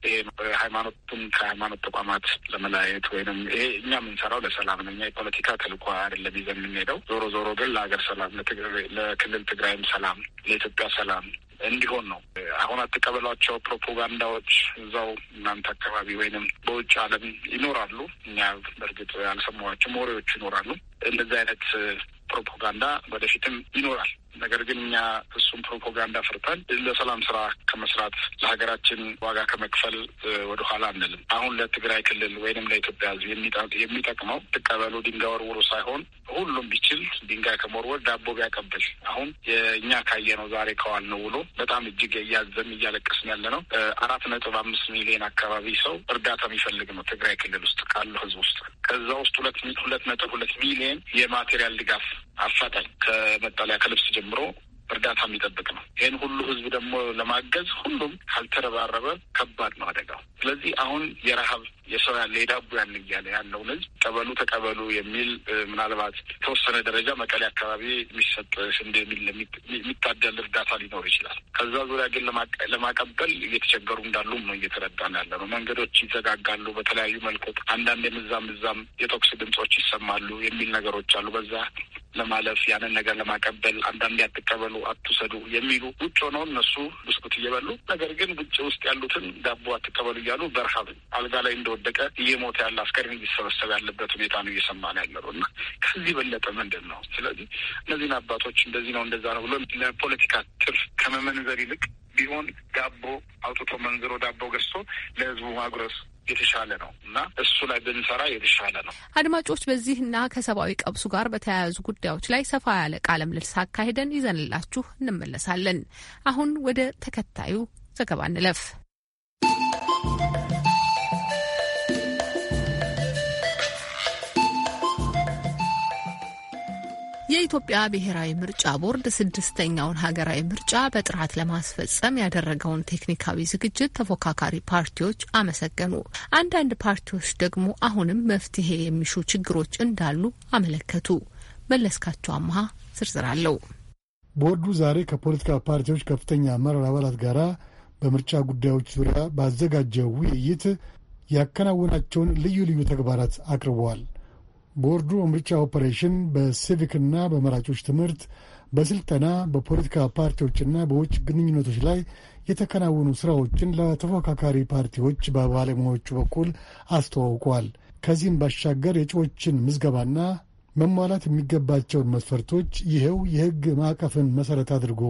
ሃይማኖቱን ከሃይማኖት ተቋማት ለመለያየት ወይንም ይሄ እኛ የምንሰራው ለሰላም ነው፣ እኛ የፖለቲካ ተልእኮ አይደለም ይዘን የምንሄደው። ዞሮ ዞሮ ግን ለሀገር ሰላም፣ ለክልል ትግራይም ሰላም፣ ለኢትዮጵያ ሰላም እንዲሆን ነው። አሁን አትቀበሏቸው ፕሮፓጋንዳዎች እዛው እናንተ አካባቢ ወይንም በውጭ ዓለም ይኖራሉ። እኛ በእርግጥ አልሰማኋቸውም፣ ወሬዎች ይኖራሉ። እንደዚህ አይነት ፕሮፓጋንዳ ወደፊትም ይኖራል። ነገር ግን ከፍተኛ ፍጹም ፕሮፓጋንዳ ፈርተን ለሰላም ስራ ከመስራት ለሀገራችን ዋጋ ከመክፈል ወደኋላ አንልም። አሁን ለትግራይ ክልል ወይንም ለኢትዮጵያ ሕዝብ የሚጠቅመው ትቀበሉ ድንጋይ ወርውሩ ሳይሆን ሁሉም ቢችል ድንጋይ ከመወርወር ዳቦ ቢያቀብል። አሁን የእኛ ካየ ነው ዛሬ ከዋል ነው ውሎ በጣም እጅግ እያዘም እያለቀስን ያለ ነው። አራት ነጥብ አምስት ሚሊዮን አካባቢ ሰው እርዳታ የሚፈልግ ነው ትግራይ ክልል ውስጥ ካለው ሕዝብ ውስጥ ከዛ ውስጥ ሁለት ሁለት ነጥብ ሁለት ሚሊዮን የማቴሪያል ድጋፍ አፋጣኝ ከመጠለያ ከልብስ ጀምሮ እርዳታ የሚጠብቅ ነው። ይህን ሁሉ ህዝብ ደግሞ ለማገዝ ሁሉም ካልተረባረበ ከባድ ነው አደጋው። ስለዚህ አሁን የረሀብ የሰው ያለ የዳቦ ያለ እያለ ያለውን ህዝብ ቀበሉ ተቀበሉ የሚል ምናልባት የተወሰነ ደረጃ መቀሌ አካባቢ የሚሰጥ ስንዴ የሚል የሚታደል እርዳታ ሊኖር ይችላል። ከዛ ዙሪያ ግን ለማቀበል እየተቸገሩ እንዳሉ ነው ያለ ነው። መንገዶች ይዘጋጋሉ በተለያዩ መልኩ አንዳንድ የምዛም ምዛም የቶክስ ድምጾች ይሰማሉ የሚል ነገሮች አሉ። በዛ ለማለፍ ያንን ነገር ለማቀበል አንዳንድ ያትቀበሉ አትውሰዱ የሚሉ ውጭ ሆነው እነሱ ብስኩት እየበሉ ነገር ግን ውጭ ውስጥ ያሉትን ዳቦ አትቀበሉ እያሉ በረሃብ አልጋ ላይ እንደ እየወደቀ እየሞተ ያለ አስከሬን እየተሰበሰበ ያለበት ሁኔታ ነው እየሰማ ነው ያለው እና ከዚህ በለጠ ምንድን ነው? ስለዚህ እነዚህን አባቶች እንደዚህ ነው እንደዛ ነው ብሎ ለፖለቲካ ትርፍ ከመመንዘር ይልቅ ቢሆን ዳቦ አውጥቶ መንዝሮ ዳቦ ገዝቶ ለህዝቡ ማጉረስ የተሻለ ነው እና እሱ ላይ ብንሰራ የተሻለ ነው። አድማጮች፣ በዚህና ከሰብአዊ ቀብሱ ጋር በተያያዙ ጉዳዮች ላይ ሰፋ ያለ ቃለ ምልልስ አካሂደን ይዘንላችሁ እንመለሳለን። አሁን ወደ ተከታዩ ዘገባ እንለፍ። የኢትዮጵያ ብሔራዊ ምርጫ ቦርድ ስድስተኛውን ሀገራዊ ምርጫ በጥራት ለማስፈጸም ያደረገውን ቴክኒካዊ ዝግጅት ተፎካካሪ ፓርቲዎች አመሰገኑ። አንዳንድ ፓርቲዎች ደግሞ አሁንም መፍትሄ የሚሹ ችግሮች እንዳሉ አመለከቱ። መለስካቸው አመሀ ዝርዝር አለው። ቦርዱ ዛሬ ከፖለቲካ ፓርቲዎች ከፍተኛ አመራር አባላት ጋር በምርጫ ጉዳዮች ዙሪያ ባዘጋጀው ውይይት ያከናወናቸውን ልዩ ልዩ ተግባራት አቅርበዋል። ቦርዱ ምርጫ ኦፐሬሽን በሲቪክና በመራጮች ትምህርት፣ በስልጠና፣ በፖለቲካ ፓርቲዎችና በውጭ ግንኙነቶች ላይ የተከናወኑ ስራዎችን ለተፎካካሪ ፓርቲዎች በባለሙያዎቹ በኩል አስተዋውቋል። ከዚህም ባሻገር የእጩዎችን ምዝገባና መሟላት የሚገባቸውን መስፈርቶች ይኸው የሕግ ማዕቀፍን መሠረት አድርጎ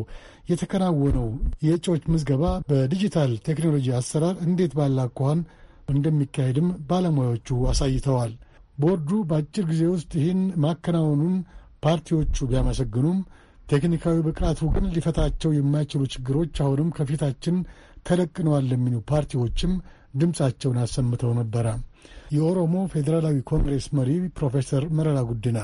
የተከናወነው የእጩዎች ምዝገባ በዲጂታል ቴክኖሎጂ አሰራር እንዴት ባላኳን እንደሚካሄድም ባለሙያዎቹ አሳይተዋል። ቦርዱ በአጭር ጊዜ ውስጥ ይህን ማከናወኑን ፓርቲዎቹ ቢያመሰግኑም ቴክኒካዊ ብቃቱ ግን ሊፈታቸው የማይችሉ ችግሮች አሁንም ከፊታችን ተደቅነዋል ለሚሉ ፓርቲዎችም ድምፃቸውን አሰምተው ነበረ። የኦሮሞ ፌዴራላዊ ኮንግሬስ መሪ ፕሮፌሰር መረራ ጉዲና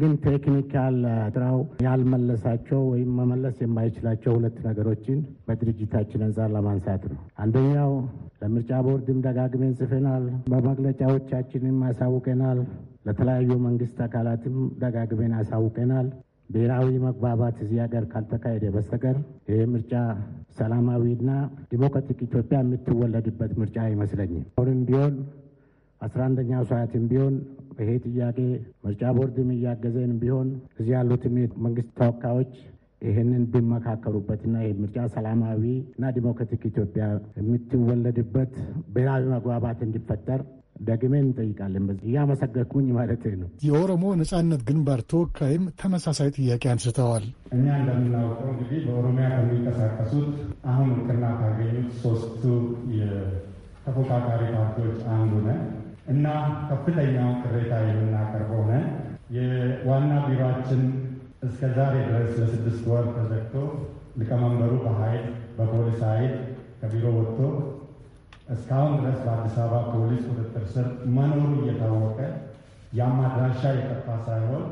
ግን ቴክኒካል ስራው ያልመለሳቸው ወይም መመለስ የማይችላቸው ሁለት ነገሮችን በድርጅታችን አንጻር ለማንሳት ነው። አንደኛው ለምርጫ ቦርድም ደጋግሜን ጽፈናል፣ በመግለጫዎቻችንም አሳውቀናል፣ ለተለያዩ መንግስት አካላትም ደጋግሜን አሳውቀናል። ብሔራዊ መግባባት እዚህ ሀገር ካልተካሄደ በስተቀር ይህ ምርጫ ሰላማዊና ዲሞክራቲክ ኢትዮጵያ የምትወለድበት ምርጫ አይመስለኝም። አሁንም ቢሆን አስራ አንደኛው ሰዓትም ቢሆን ይሄ ጥያቄ ምርጫ ቦርድም እያገዘን ቢሆን እዚህ ያሉትም መንግስት ተወካዮች ይህንን ቢመካከሩበትና ምርጫ ሰላማዊ እና ዲሞክራቲክ ኢትዮጵያ የምትወለድበት ብሔራዊ መግባባት እንዲፈጠር ደግሜን እንጠይቃለን። በዚህ እያመሰገንኩኝ ማለት ነው። የኦሮሞ ነጻነት ግንባር ተወካይም ተመሳሳይ ጥያቄ አንስተዋል። እኛ እንደምናውቀው እንግዲህ በኦሮሚያ ከሚንቀሳቀሱት አሁን እውቅና ካገኙት ሶስቱ የተፎካካሪ ፓርቲዎች አንዱ ነን። እና ከፍተኛ ቅሬታ የምናቀርብ ሆነ የዋና ቢሮችን እስከ ዛሬ ድረስ ለስድስት ወር ተዘግቶ ሊቀመንበሩ በኃይል በፖሊስ ኃይል ከቢሮ ወጥቶ እስካሁን ድረስ በአዲስ አበባ ፖሊስ ቁጥጥር ስር መኖሩ እየታወቀ ያም አድራሻ የጠፋ ሳይሆን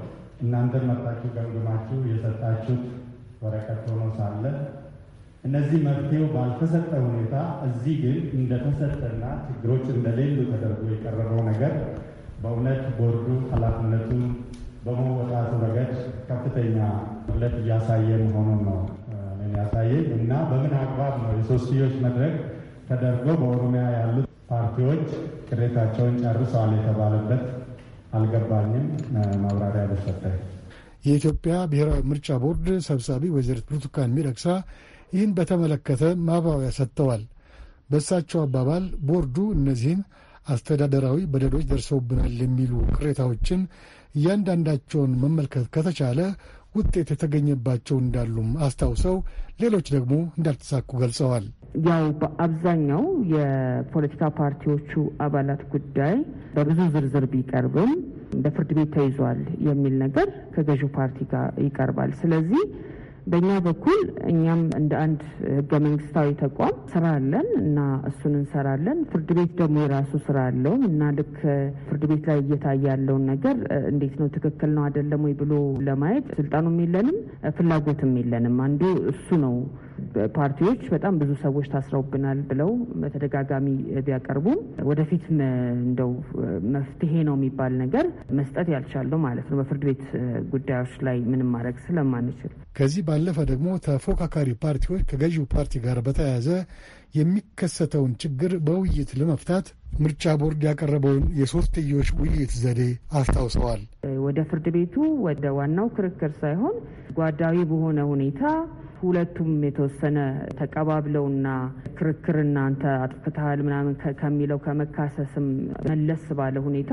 እናንተን መጣችሁ ገምግማችሁ የሰጣችሁት ወረቀት ሆኖ ሳለ እነዚህ መፍትሄው ባልተሰጠ ሁኔታ እዚህ ግን እንደተሰጠና ችግሮች እንደሌሉ ተደርጎ የቀረበው ነገር በእውነት ቦርዱ ኃላፊነቱን በመወጣቱ ረገድ ከፍተኛ ሁለት እያሳየ መሆኑን ነው ያሳየ እና በምን አግባብ ነው የሶስትዮሽ መድረክ ተደርጎ በኦሮሚያ ያሉት ፓርቲዎች ቅሬታቸውን ጨርሰዋል የተባለበት አልገባኝም። ማብራሪያ በሰጠ የኢትዮጵያ ብሔራዊ ምርጫ ቦርድ ሰብሳቢ ወይዘሪት ብርቱካን ሚደቅሳ ይህን በተመለከተ ማብራሪያ ሰጥተዋል። በእሳቸው አባባል ቦርዱ እነዚህን አስተዳደራዊ በደሎች ደርሰውብናል የሚሉ ቅሬታዎችን እያንዳንዳቸውን መመልከት ከተቻለ ውጤት የተገኘባቸው እንዳሉም አስታውሰው ሌሎች ደግሞ እንዳልተሳኩ ገልጸዋል። ያው በአብዛኛው የፖለቲካ ፓርቲዎቹ አባላት ጉዳይ በብዙ ዝርዝር ቢቀርብም በፍርድ ቤት ተይዟል የሚል ነገር ከገዢው ፓርቲ ጋር ይቀርባል። ስለዚህ በእኛ በኩል እኛም እንደ አንድ ህገ መንግስታዊ ተቋም ስራ አለን እና እሱን እንሰራለን። ፍርድ ቤት ደግሞ የራሱ ስራ አለው እና ልክ ፍርድ ቤት ላይ እየታየ ያለውን ነገር እንዴት ነው ትክክል ነው አይደለም ወይ ብሎ ለማየት ስልጣኑም የለንም፣ ፍላጎትም የለንም። አንዱ እሱ ነው። ፓርቲዎች በጣም ብዙ ሰዎች ታስረውብናል ብለው በተደጋጋሚ ቢያቀርቡ ወደፊት እንደው መፍትሄ ነው የሚባል ነገር መስጠት ያልቻለው ማለት ነው በፍርድ ቤት ጉዳዮች ላይ ምንም ማድረግ ስለማንችል። ከዚህ ባለፈ ደግሞ ተፎካካሪ ፓርቲዎች ከገዢው ፓርቲ ጋር በተያያዘ የሚከሰተውን ችግር በውይይት ለመፍታት ምርጫ ቦርድ ያቀረበውን የሶስትዮሽ ውይይት ዘዴ አስታውሰዋል። ወደ ፍርድ ቤቱ ወደ ዋናው ክርክር ሳይሆን ጓዳዊ በሆነ ሁኔታ ሁለቱም የተወሰነ ተቀባብለውና ክርክርና አንተ አጥፍተሃል ምናምን ከሚለው ከመካሰስም መለስ ባለ ሁኔታ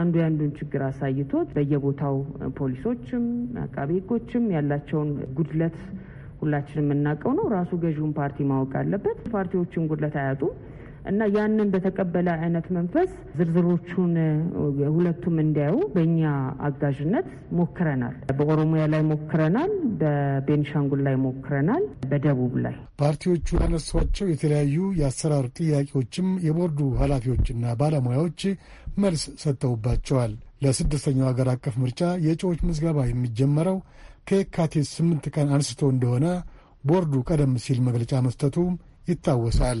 አንዱ የአንዱን ችግር አሳይቶት በየቦታው ፖሊሶችም አቃቤ ሕጎችም ያላቸውን ጉድለት ሁላችንም የምናውቀው ነው። ራሱ ገዢውን ፓርቲ ማወቅ አለበት። ፓርቲዎችን ጉድለት አያጡም። እና ያንን በተቀበለ አይነት መንፈስ ዝርዝሮቹን ሁለቱም እንዲያዩ በእኛ አጋዥነት ሞክረናል። በኦሮሚያ ላይ ሞክረናል፣ በቤንሻንጉል ላይ ሞክረናል፣ በደቡብ ላይ ፓርቲዎቹ ያነሷቸው የተለያዩ የአሰራር ጥያቄዎችም የቦርዱ ኃላፊዎችና ባለሙያዎች መልስ ሰጥተውባቸዋል። ለስድስተኛው ሀገር አቀፍ ምርጫ የእጩዎች ምዝገባ የሚጀመረው ከየካቴ ስምንት ቀን አንስቶ እንደሆነ ቦርዱ ቀደም ሲል መግለጫ መስጠቱ ይታወሳል።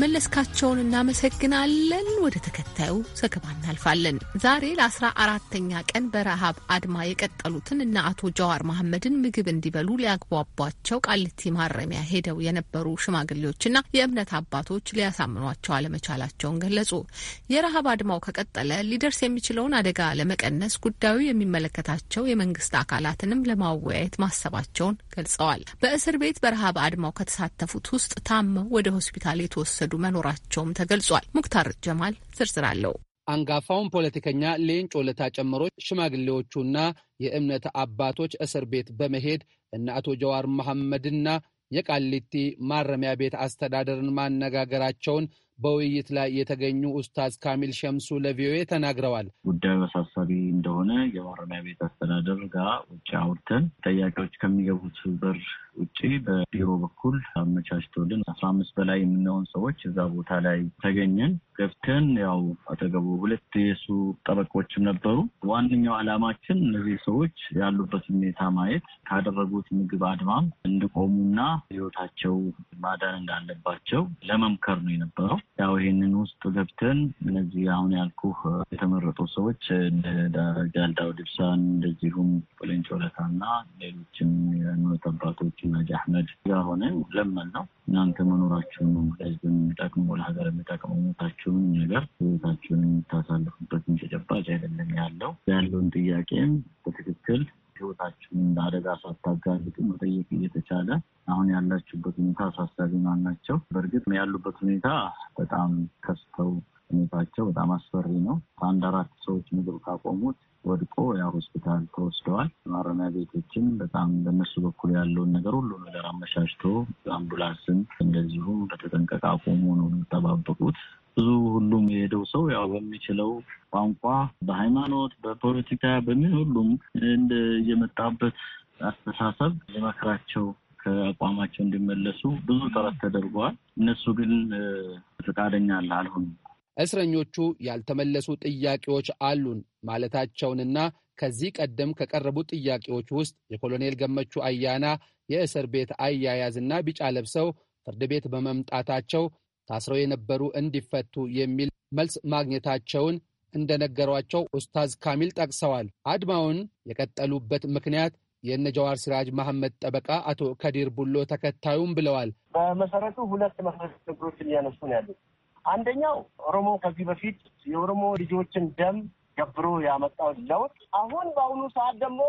መለስካቸውን እናመሰግናለን። ወደ ተከታዩ ዘገባ እናልፋለን። ዛሬ ለአስራ አራተኛ ቀን በረሃብ አድማ የቀጠሉትን እና አቶ ጀዋር መሐመድን ምግብ እንዲበሉ ሊያግቧቧቸው ቃሊቲ ማረሚያ ሄደው የነበሩ ሽማግሌዎችና የእምነት አባቶች ሊያሳምኗቸው አለመቻላቸውን ገለጹ። የረሃብ አድማው ከቀጠለ ሊደርስ የሚችለውን አደጋ ለመቀነስ ጉዳዩ የሚመለከታቸው የመንግስት አካላትንም ለማወያየት ማሰባቸውን ገልጸዋል። በእስር ቤት በረሃብ አድማው ከተሳተፉት ውስጥ ታመው ወደ ሆስፒታል የተወሰ እየወሰዱ መኖራቸውም ተገልጿል። ሙክታር ጀማል ዝርዝር አለው። አንጋፋውን ፖለቲከኛ ሌንጮ ለታ ጨምሮ ሽማግሌዎቹና የእምነት አባቶች እስር ቤት በመሄድ እነ አቶ ጀዋር መሐመድና የቃሊቲ ማረሚያ ቤት አስተዳደርን ማነጋገራቸውን በውይይት ላይ የተገኙ ኡስታዝ ካሚል ሸምሱ ለቪኦኤ ተናግረዋል። ጉዳዩ አሳሳቢ እንደሆነ የማረሚያ ቤት አስተዳደር ጋር ውጭ አውርተን ጠያቂዎች ከሚገቡት በር ውጭ በቢሮ በኩል አመቻችቶልን አስራ አምስት በላይ የምንሆን ሰዎች እዛ ቦታ ላይ ተገኘን። ገብተን ያው አጠገቡ ሁለት የሱ ጠበቆችም ነበሩ። ዋነኛው ዓላማችን እነዚህ ሰዎች ያሉበት ሁኔታ ማየት ካደረጉት ምግብ አድማም እንዲቆሙና ህይወታቸው ማዳን እንዳለባቸው ለመምከር ነው የነበረው። ያው ይህንን ውስጥ ገብተን እነዚህ አሁን ያልኩ የተመረጡ ሰዎች እንደ ጃልዳው ድብሳን እንደዚሁም ቁሌንጮ ለታና ሌሎችም የእምነት አባቶች ሐኪም ነጂ አሕመድ ጋር ሆነን ለመን ነው እናንተ መኖራችሁን ነው ለህዝብ የሚጠቅሙ ለሀገር የሚጠቅሙ ሞታችሁን ነገር ህይወታችሁን የምታሳልፉበትን ተጨባጭ አይደለም ያለው ያለውን ጥያቄም በትክክል ህይወታችሁን ለአደጋ ሳታጋልጡ መጠየቅ እየተቻለ አሁን ያላችሁበት ሁኔታ አሳሳቢ ናቸው። በእርግጥ ያሉበት ሁኔታ በጣም ከስተው ሁኔታቸው በጣም አስፈሪ ነው። ከአንድ አራት ሰዎች ምግብ ካቆሙት ወድቆ ያው ሆስፒታል ተወስደዋል። ማረሚያ ቤቶችን በጣም በነሱ በኩል ያለውን ነገር ሁሉ ነገር አመቻችቶ አምቡላንስን እንደዚሁም በተጠንቀቅ አቁሞ ነው የሚጠባበቁት። ብዙ ሁሉም የሄደው ሰው ያው በሚችለው ቋንቋ፣ በሃይማኖት፣ በፖለቲካ፣ በምን ሁሉም እንደ የመጣበት አስተሳሰብ ሊመክራቸው ከአቋማቸው እንዲመለሱ ብዙ ጥረት ተደርጓል። እነሱ ግን ፈቃደኛ አልሆኑም። እስረኞቹ ያልተመለሱ ጥያቄዎች አሉን ማለታቸውንና ከዚህ ቀደም ከቀረቡ ጥያቄዎች ውስጥ የኮሎኔል ገመቹ አያና የእስር ቤት አያያዝና ቢጫ ለብሰው ፍርድ ቤት በመምጣታቸው ታስረው የነበሩ እንዲፈቱ የሚል መልስ ማግኘታቸውን እንደነገሯቸው ኡስታዝ ካሚል ጠቅሰዋል። አድማውን የቀጠሉበት ምክንያት የእነ ጀዋር ሲራጅ መሐመድ ጠበቃ አቶ ከዲር ቡሎ ተከታዩም ብለዋል። በመሰረቱ ሁለት መሰረት ነገሮችን እያነሱ ነው ያሉት አንደኛው ኦሮሞ ከዚህ በፊት የኦሮሞ ልጆችን ደም ገብሮ ያመጣው ለውጥ አሁን በአሁኑ ሰዓት ደግሞ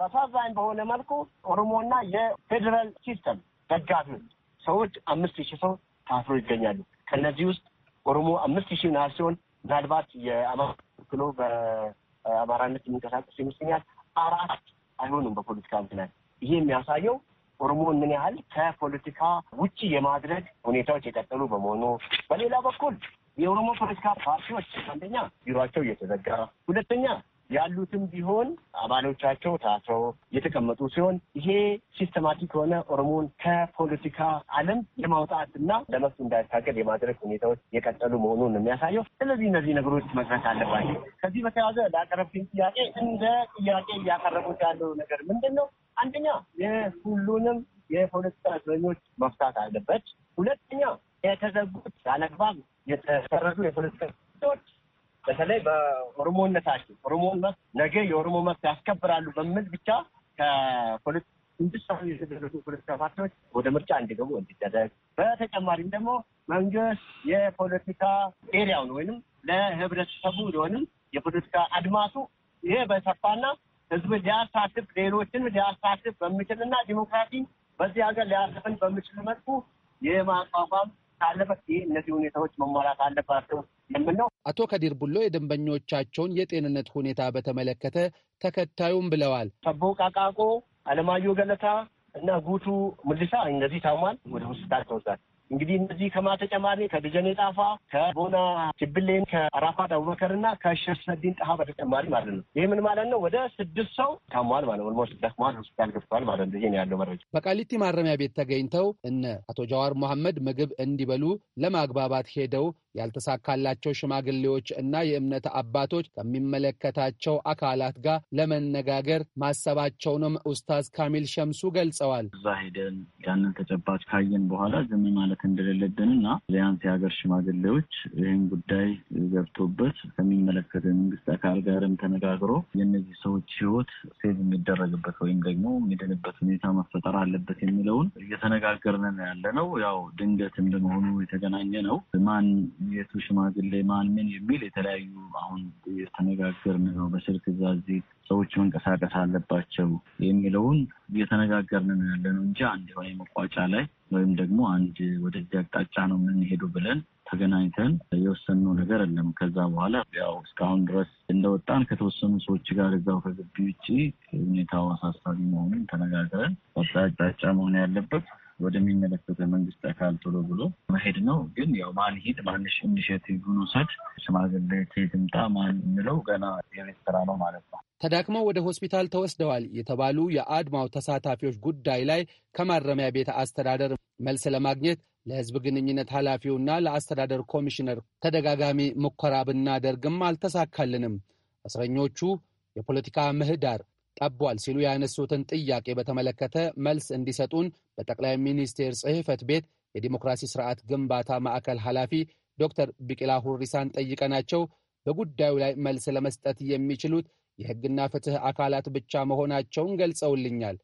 በአሳዛኝ በሆነ መልኩ ኦሮሞና የፌዴራል ሲስተም ደጋፊዎች ሰዎች አምስት ሺህ ሰው ታፍሮ ይገኛሉ። ከእነዚህ ውስጥ ኦሮሞ አምስት ሺህ ናህል ሲሆን ምናልባት የአማራ ክሎ በአማራነት የሚንቀሳቀስ ይመስለኛል አራት አይሆኑም በፖለቲካ ምክንያት ይሄ የሚያሳየው ኦሮሞን ምን ያህል ከፖለቲካ ውጭ የማድረግ ሁኔታዎች የቀጠሉ በመሆኑ በሌላ በኩል የኦሮሞ ፖለቲካ ፓርቲዎች አንደኛ ቢሮቸው እየተዘጋ ሁለተኛ ያሉትም ቢሆን አባሎቻቸው ታስረው የተቀመጡ ሲሆን ይሄ ሲስተማቲክ የሆነ ኦሮሞን ከፖለቲካ ዓለም የማውጣት እና ለመፍቱ እንዳይታገል የማድረግ ሁኔታዎች የቀጠሉ መሆኑን ነው የሚያሳየው። ስለዚህ እነዚህ ነገሮች መቅረት አለባቸው። ከዚህ በተያያዘ ላቀረብኝ ጥያቄ እንደ ጥያቄ እያቀረቡት ያለው ነገር ምንድን ነው? አንደኛ የሁሉንም የፖለቲካ እስረኞች መፍታት አለበት። ሁለተኛ የተዘጉት ያለአግባብ የተሰረዙ የፖለቲካ ሰዎች በተለይ በኦሮሞነታቸው ኦሮሞን ነገ የኦሮሞ መብት ያስከብራሉ በሚል ብቻ ከፖለቲካዊ የተደረሱ ፖለቲካ ፓርቲዎች ወደ ምርጫ እንዲገቡ እንዲደረግ፣ በተጨማሪም ደግሞ መንግስት የፖለቲካ ኤሪያውን ወይንም ለህብረተሰቡ ሊሆንም የፖለቲካ አድማሱ ይሄ በሰፋና ህዝብ ሊያሳትፍ ሌሎችን ሊያሳትፍ በሚችልና ዲሞክራሲ በዚህ ሀገር ሊያሰፍን በሚችል መልኩ የማቋቋም ካለ መፍትሄ እነዚህ ሁኔታዎች መሟላት አለባቸው የምለው። አቶ ከዲር ቡሎ የደንበኞቻቸውን የጤንነት ሁኔታ በተመለከተ ተከታዩም ብለዋል። ሰቦ ቃቃቆ፣ አለማዮ ገለታ እና ጉቱ ምልሳ እነዚህ ታሟል ወደ ሆስፒታል ተወዛል። እንግዲህ እነዚህ ከማተጨማሪ ከደጀኔ ጣፋ፣ ከቦና ችብሌን፣ ከአራፋት አቡበከር እና ከሸርሰዲን ጣሃ በተጨማሪ ማለት ነው። ይህ ምን ማለት ነው? ወደ ስድስት ሰው ታሟል ማለት ነው። ኦልሞስት ደክሟል፣ ሆስፒታል ገብተዋል ማለት ነው። ይሄ ያለው መረጃ በቃሊቲ ማረሚያ ቤት ተገኝተው እነ አቶ ጃዋር መሐመድ ምግብ እንዲበሉ ለማግባባት ሄደው ያልተሳካላቸው ሽማግሌዎች እና የእምነት አባቶች ከሚመለከታቸው አካላት ጋር ለመነጋገር ማሰባቸውንም ኡስታዝ ካሚል ሸምሱ ገልጸዋል። እዛ ሄደን ያንን ተጨባጭ ካየን በኋላ ዝም ማለት እንደሌለብን እና ቢያንስ የሀገር ሽማግሌዎች ይህን ጉዳይ ገብቶበት ከሚመለከተ የመንግስት አካል ጋርም ተነጋግሮ የእነዚህ ሰዎች ህይወት ሴቭ የሚደረግበት ወይም ደግሞ የሚድንበት ሁኔታ መፈጠር አለበት የሚለውን እየተነጋገርን ያለ ነው። ያው ድንገት እንደመሆኑ የተገናኘ ነው ማን የቱ ሽማግሌ ማን ምን የሚል የተለያዩ አሁን የተነጋገርን ነው። በስልክ እዛ እዚህ ሰዎች መንቀሳቀስ አለባቸው የሚለውን እየተነጋገርን ነው ያለ ነው እንጂ አንድ የሆነ መቋጫ ላይ ወይም ደግሞ አንድ ወደዚህ አቅጣጫ ነው የምንሄዱ ብለን ተገናኝተን የወሰንነው ነገር የለም። ከዛ በኋላ ያው እስካሁን ድረስ እንደወጣን ከተወሰኑ ሰዎች ጋር እዛው ከግቢ ውጭ ሁኔታው አሳሳቢ መሆኑን ተነጋግረን አቅጣጫ መሆን ያለበት ወደሚመለከተ መንግስት አካል ቶሎ ብሎ መሄድ ነው። ግን ያው ማን ሂድ እንዲሸት ኢኒሼቲቭ ውሰድ ሽማግሌ ትምጣ ማን እንለው ገና የቤት ስራ ነው ማለት ነው። ተዳክመው ወደ ሆስፒታል ተወስደዋል የተባሉ የአድማው ተሳታፊዎች ጉዳይ ላይ ከማረሚያ ቤት አስተዳደር መልስ ለማግኘት ለህዝብ ግንኙነት ኃላፊውና ለአስተዳደር ኮሚሽነር ተደጋጋሚ ሙከራ ብናደርግም አልተሳካልንም። እስረኞቹ የፖለቲካ ምህዳር ጠቧል ሲሉ ያነሱትን ጥያቄ በተመለከተ መልስ እንዲሰጡን በጠቅላይ ሚኒስቴር ጽህፈት ቤት የዲሞክራሲ ስርዓት ግንባታ ማዕከል ኃላፊ ዶክተር ቢቂላ ሁሪሳን ጠይቀናቸው በጉዳዩ ላይ መልስ ለመስጠት የሚችሉት የሕግና ፍትህ አካላት ብቻ መሆናቸውን ገልጸውልኛል።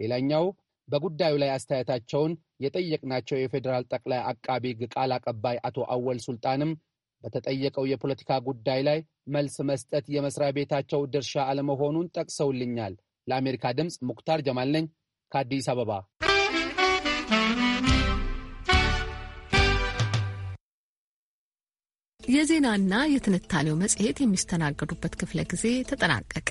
ሌላኛው በጉዳዩ ላይ አስተያየታቸውን የጠየቅናቸው የፌዴራል ጠቅላይ አቃቢ ሕግ ቃል አቀባይ አቶ አወል ሱልጣንም በተጠየቀው የፖለቲካ ጉዳይ ላይ መልስ መስጠት የመስሪያ ቤታቸው ድርሻ አለመሆኑን ጠቅሰውልኛል። ለአሜሪካ ድምፅ ሙክታር ጀማል ነኝ ከአዲስ አበባ። የዜናና የትንታኔው መጽሔት የሚስተናገዱበት ክፍለ ጊዜ ተጠናቀቀ።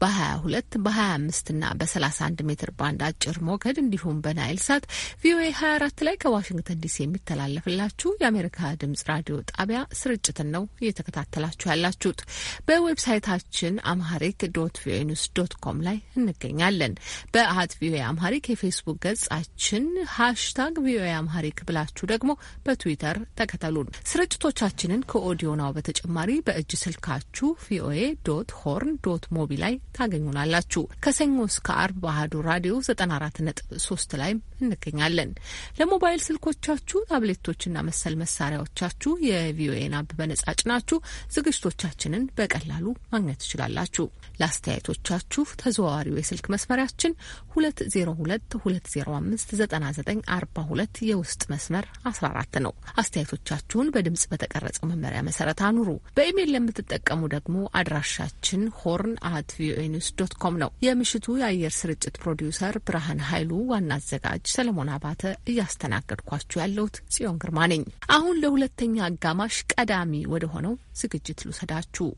በ22 በ25ና በ31 ሜትር ባንድ አጭር ሞገድ እንዲሁም በናይል ሳት ቪኦኤ 24 ላይ ከዋሽንግተን ዲሲ የሚተላለፍላችሁ የአሜሪካ ድምጽ ራዲዮ ጣቢያ ስርጭትን ነው እየተከታተላችሁ ያላችሁት። በዌብሳይታችን አምሃሪክ ዶት ቪኦኤ ኒውስ ዶት ኮም ላይ እንገኛለን። በአት ቪኦኤ አምሃሪክ የፌስቡክ ገጻችን ሃሽታግ ቪኦኤ አምሃሪክ ብላችሁ ደግሞ በትዊተር ተከተሉን። ስርጭቶቻችንን ፕሮግራማችንን ከኦዲዮ ናው በተጨማሪ በእጅ ስልካችሁ ቪኦኤ ዶት ሆርን ዶት ሞቢ ላይ ታገኙናላችሁ። ከሰኞ እስከ አርብ በአህዱ ራዲዮ 94.3 ላይ እንገኛለን። ለሞባይል ስልኮቻችሁ፣ ታብሌቶችና መሰል መሳሪያዎቻችሁ የቪኦኤን አብ በነጻ ጭናችሁ ዝግጅቶቻችንን በቀላሉ ማግኘት ትችላላችሁ። ለአስተያየቶቻችሁ ተዘዋዋሪው የስልክ መስመሪያችን 2022059942 የውስጥ መስመር 14 ነው። አስተያየቶቻችሁን በድምጽ በተቀረጸው መመሪያ መሰረት አኑሩ። በኢሜይል ለምትጠቀሙ ደግሞ አድራሻችን ሆርን አት ቪኦኤ ኒውስ ዶት ኮም ነው። የምሽቱ የአየር ስርጭት ፕሮዲውሰር ብርሃን ኃይሉ፣ ዋና አዘጋጅ ሰለሞን አባተ፣ እያስተናገድኳችሁ ያለሁት ጽዮን ግርማ ነኝ። አሁን ለሁለተኛ አጋማሽ ቀዳሚ ወደ ሆነው ዝግጅት ልውሰዳችሁ።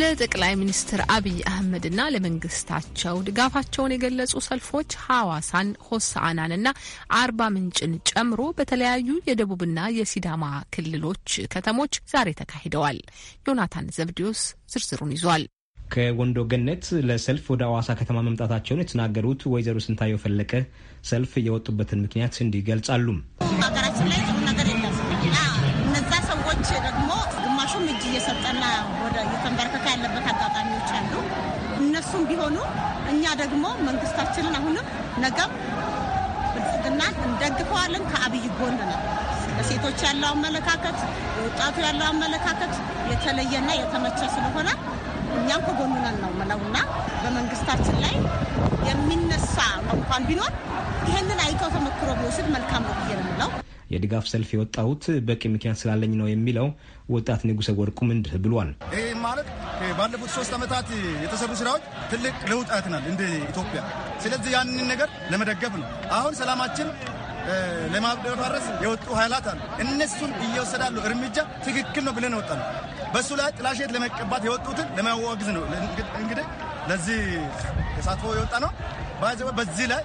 ለጠቅላይ ሚኒስትር አብይ አህመድና ለመንግስታቸው ድጋፋቸውን የገለጹ ሰልፎች ሐዋሳን፣ ሆሳአናንና አርባ ምንጭን ጨምሮ በተለያዩ የደቡብና የሲዳማ ክልሎች ከተሞች ዛሬ ተካሂደዋል። ዮናታን ዘብዲዮስ ዝርዝሩን ይዟል። ከወንዶ ገነት ለሰልፍ ወደ አዋሳ ከተማ መምጣታቸውን የተናገሩት ወይዘሮ ስንታየው ፈለቀ ሰልፍ የወጡበትን ምክንያት እንዲህ ሀገራችን ላይ ነገም ብልጽግናን እንደግፈዋለን። ከአብይ ጎን ነው። ለሴቶች ያለው አመለካከት፣ ለወጣቱ ያለው አመለካከት የተለየና የተመቸ ስለሆነ እኛም ከጎኑ ነን ነው ምለውና በመንግስታችን ላይ የሚነሳ እንኳን ቢኖር ይህንን አይተው ተመክሮ ቢወስድ መልካም ነው ብዬ ነው ምለው። የድጋፍ ሰልፍ የወጣሁት በቂ ምክንያት ስላለኝ ነው የሚለው ወጣት ንጉሰ ወርቁ ምንድህ ብሏል። ይህ ማለት ባለፉት ሶስት ዓመታት የተሰሩ ስራዎች ትልቅ ለውጥ አይተናል እንደ ኢትዮጵያ። ስለዚህ ያንን ነገር ለመደገፍ ነው። አሁን ሰላማችን ለማደፈረስ የወጡ ኃይላት አሉ። እነሱን እየወሰዳሉ እርምጃ ትክክል ነው ብለን ወጣ ነው። በእሱ ላይ ጥላሸት ለመቀባት የወጡትን ለማዋግዝ ነው። እንግዲህ ለዚህ ተሳትፎ የወጣ ነው። በዚህ ላይ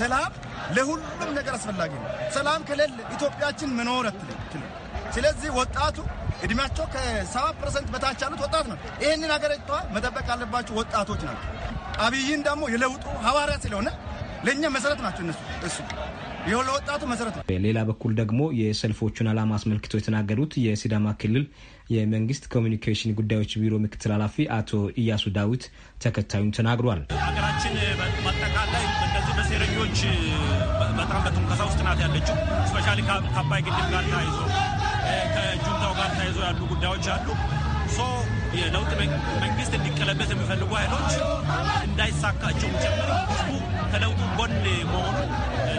ሰላም ለሁሉም ነገር አስፈላጊ ነው። ሰላም ከሌለ ኢትዮጵያችን መኖር አትችልም። ስለዚህ ወጣቱ እድሜያቸው ከሰባ ፐርሰንት በታች ያሉት ወጣት ነው። ይህንን ሀገሪቷ መጠበቅ ያለባቸው ወጣቶች ናቸው። አብይን ደግሞ የለውጡ ሐዋርያ ስለሆነ ለእኛ መሰረት ናቸው እነሱ እሱ ወጣቱ መሰረት ነው። በሌላ በኩል ደግሞ የሰልፎቹን ዓላማ አስመልክቶ የተናገሩት የሲዳማ ክልል የመንግስት ኮሚኒኬሽን ጉዳዮች ቢሮ ምክትል ኃላፊ አቶ እያሱ ዳዊት ተከታዩን ተናግሯል። ሀገራችን በአጠቃላይ እንደዚህ በሴረኞች በጣም በትንኮሳ ውስጥ ናት ያለችው። ስፔሻሊ ከአባይ ግድብ ጋር ተያይዞ ከጁንታው ጋር ተያይዞ ያሉ ጉዳዮች አሉ። የለውጥ መንግስት እንዲቀለበስ የሚፈልጉ ኃይሎች እንዳይሳካቸው ጭምር ህዝቡ ከለውጡ ጎን መሆኑ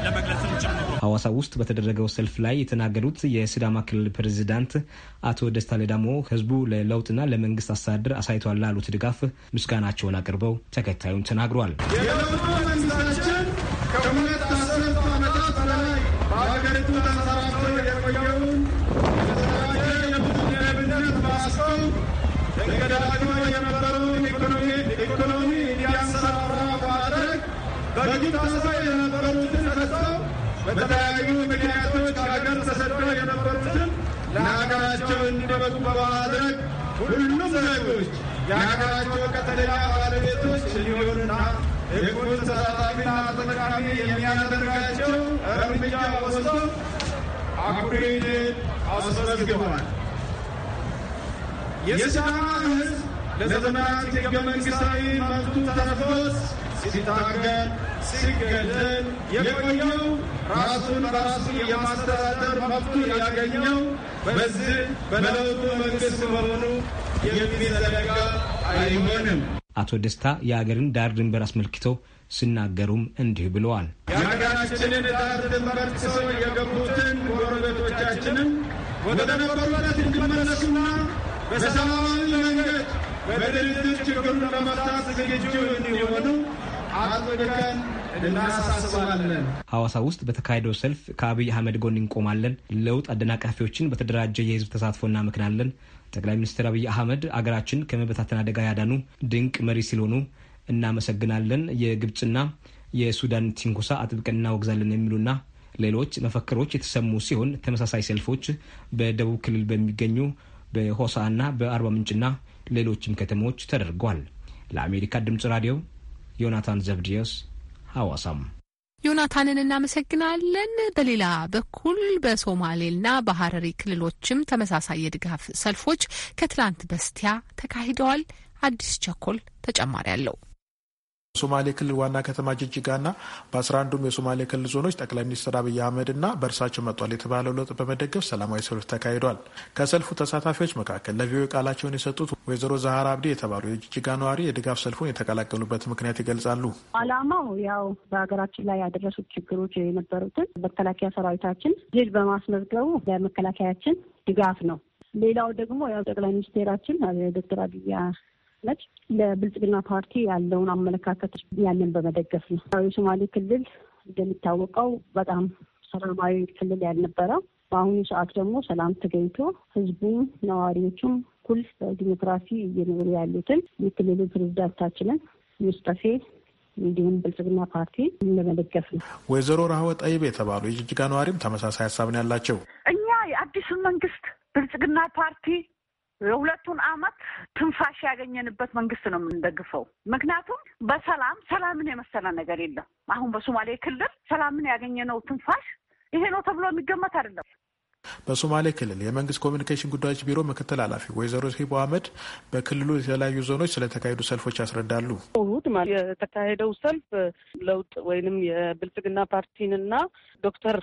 ለመግለጽም ጭምሩ ሐዋሳ ውስጥ በተደረገው ሰልፍ ላይ የተናገሩት የሲዳማ ክልል ፕሬዚዳንት አቶ ደስታ ሌዳሞ ህዝቡ ለለውጥና ለመንግስት አስተዳደር አሳይቷል ላሉት ድጋፍ ምስጋናቸውን አቅርበው ተከታዩን ተናግሯል። ለሀገራቸው እንዲበቁ በማድረግ ሁሉም ዜጎች የሀገራቸው ቀጥተኛ ባለቤቶች እንዲሆኑና የቁን ተሳታፊና ተጠቃሚ የሚያደርጋቸው እርምጃ ወስዶ አኩሪ ድል አስመዝግቧል። የሲዳማ ሕዝብ ለዘመናት ሕገ መንግሥታዊ መብቱ ተነፍጎት ሲታገል ሲገደል የቆየው ራሱን በራሱ የማስተዳደር መብቱን ያገኘው በዚህ በለውጡ መንግስት መሆኑ የሚዘነጋ አይሆንም። አቶ ደስታ የሀገርን ዳር ድንበር አስመልክተው ሲናገሩም እንዲህ ብለዋል። የሀገራችንን ዳር ድንበር ጥሰው የገቡትን ጎረቤቶቻችንም ወደ ነበሩበት እንዲመለሱና በሰላማዊ መንገድ በድርድር ችግሩን ለመፍታት ዝግጁ እንዲሆኑ አጥብቀን እናሳስባለን። ሐዋሳ ውስጥ በተካሄደው ሰልፍ ከአብይ አህመድ ጎን እንቆማለን፣ ለውጥ አደናቃፊዎችን በተደራጀ የህዝብ ተሳትፎ እናመክናለን። ጠቅላይ ሚኒስትር አብይ አህመድ አገራችን ከመበታተን አደጋ ያዳኑ ድንቅ መሪ ሲልሆኑ እናመሰግናለን። የግብፅና የሱዳን ትንኮሳ አጥብቀን እናወግዛለን የሚሉና ሌሎች መፈክሮች የተሰሙ ሲሆን ተመሳሳይ ሰልፎች በደቡብ ክልል በሚገኙ በሆሳና በአርባ ምንጭና ሌሎችም ከተሞች ተደርጓል። ለአሜሪካ ድምጽ ራዲዮ ዮናታን ዘብዲዮስ ሐዋሳም ዮናታንን እናመሰግናለን። በሌላ በኩል በሶማሌና በሀረሪ ክልሎችም ተመሳሳይ የድጋፍ ሰልፎች ከትላንት በስቲያ ተካሂደዋል። አዲስ ቸኮል ተጨማሪ አለው። ሶማሌ ክልል ዋና ከተማ ጅጅጋና በአስራ አንዱም የሶማሌ ክልል ዞኖች ጠቅላይ ሚኒስትር አብይ አህመድና በእርሳቸው መጥቷል የተባለው ለውጥ በመደገፍ ሰላማዊ ሰልፍ ተካሂዷል። ከሰልፉ ተሳታፊዎች መካከል ለቪኦኤ ቃላቸውን የሰጡት ወይዘሮ ዛህራ አብዲ የተባሉ የጅጅጋ ነዋሪ የድጋፍ ሰልፉን የተቀላቀሉበት ምክንያት ይገልጻሉ። አላማው ያው በሀገራችን ላይ ያደረሱት ችግሮች የነበሩትን መከላከያ ሰራዊታችን ድል በማስመዝገቡ ለመከላከያችን ድጋፍ ነው። ሌላው ደግሞ ያው ጠቅላይ ሚኒስቴራችን ዶክተር አብይ ነች። ለብልጽግና ፓርቲ ያለውን አመለካከት ያንን በመደገፍ ነው። የሶማሌ ክልል እንደሚታወቀው በጣም ሰላማዊ ክልል ያልነበረ በአሁኑ ሰዓት ደግሞ ሰላም ተገኝቶ ህዝቡም ነዋሪዎቹም ኩል በዲሞክራሲ እየኖሩ ያሉትን የክልሉ ፕሬዚዳንታችንን ሙስጠፌ እንዲሁም ብልጽግና ፓርቲ ለመደገፍ ነው። ወይዘሮ ራህወ ጠይብ የተባሉ የጅጅጋ ነዋሪም ተመሳሳይ ሀሳብ ነው ያላቸው። እኛ የአዲሱን መንግስት ብልጽግና ፓርቲ የሁለቱን አመት ትንፋሽ ያገኘንበት መንግስት ነው የምንደግፈው። ምክንያቱም በሰላም ሰላምን የመሰለ ነገር የለም። አሁን በሶማሌ ክልል ሰላምን ያገኘነው ትንፋሽ ይሄ ነው ተብሎ የሚገመት አይደለም። በሶማሌ ክልል የመንግስት ኮሚኒኬሽን ጉዳዮች ቢሮ ምክትል ኃላፊ ወይዘሮ ሂቦ አህመድ በክልሉ የተለያዩ ዞኖች ስለተካሄዱ ሰልፎች ያስረዳሉ። እሁድ የተካሄደው ሰልፍ ለውጥ ወይንም የብልጽግና ፓርቲንና ዶክተር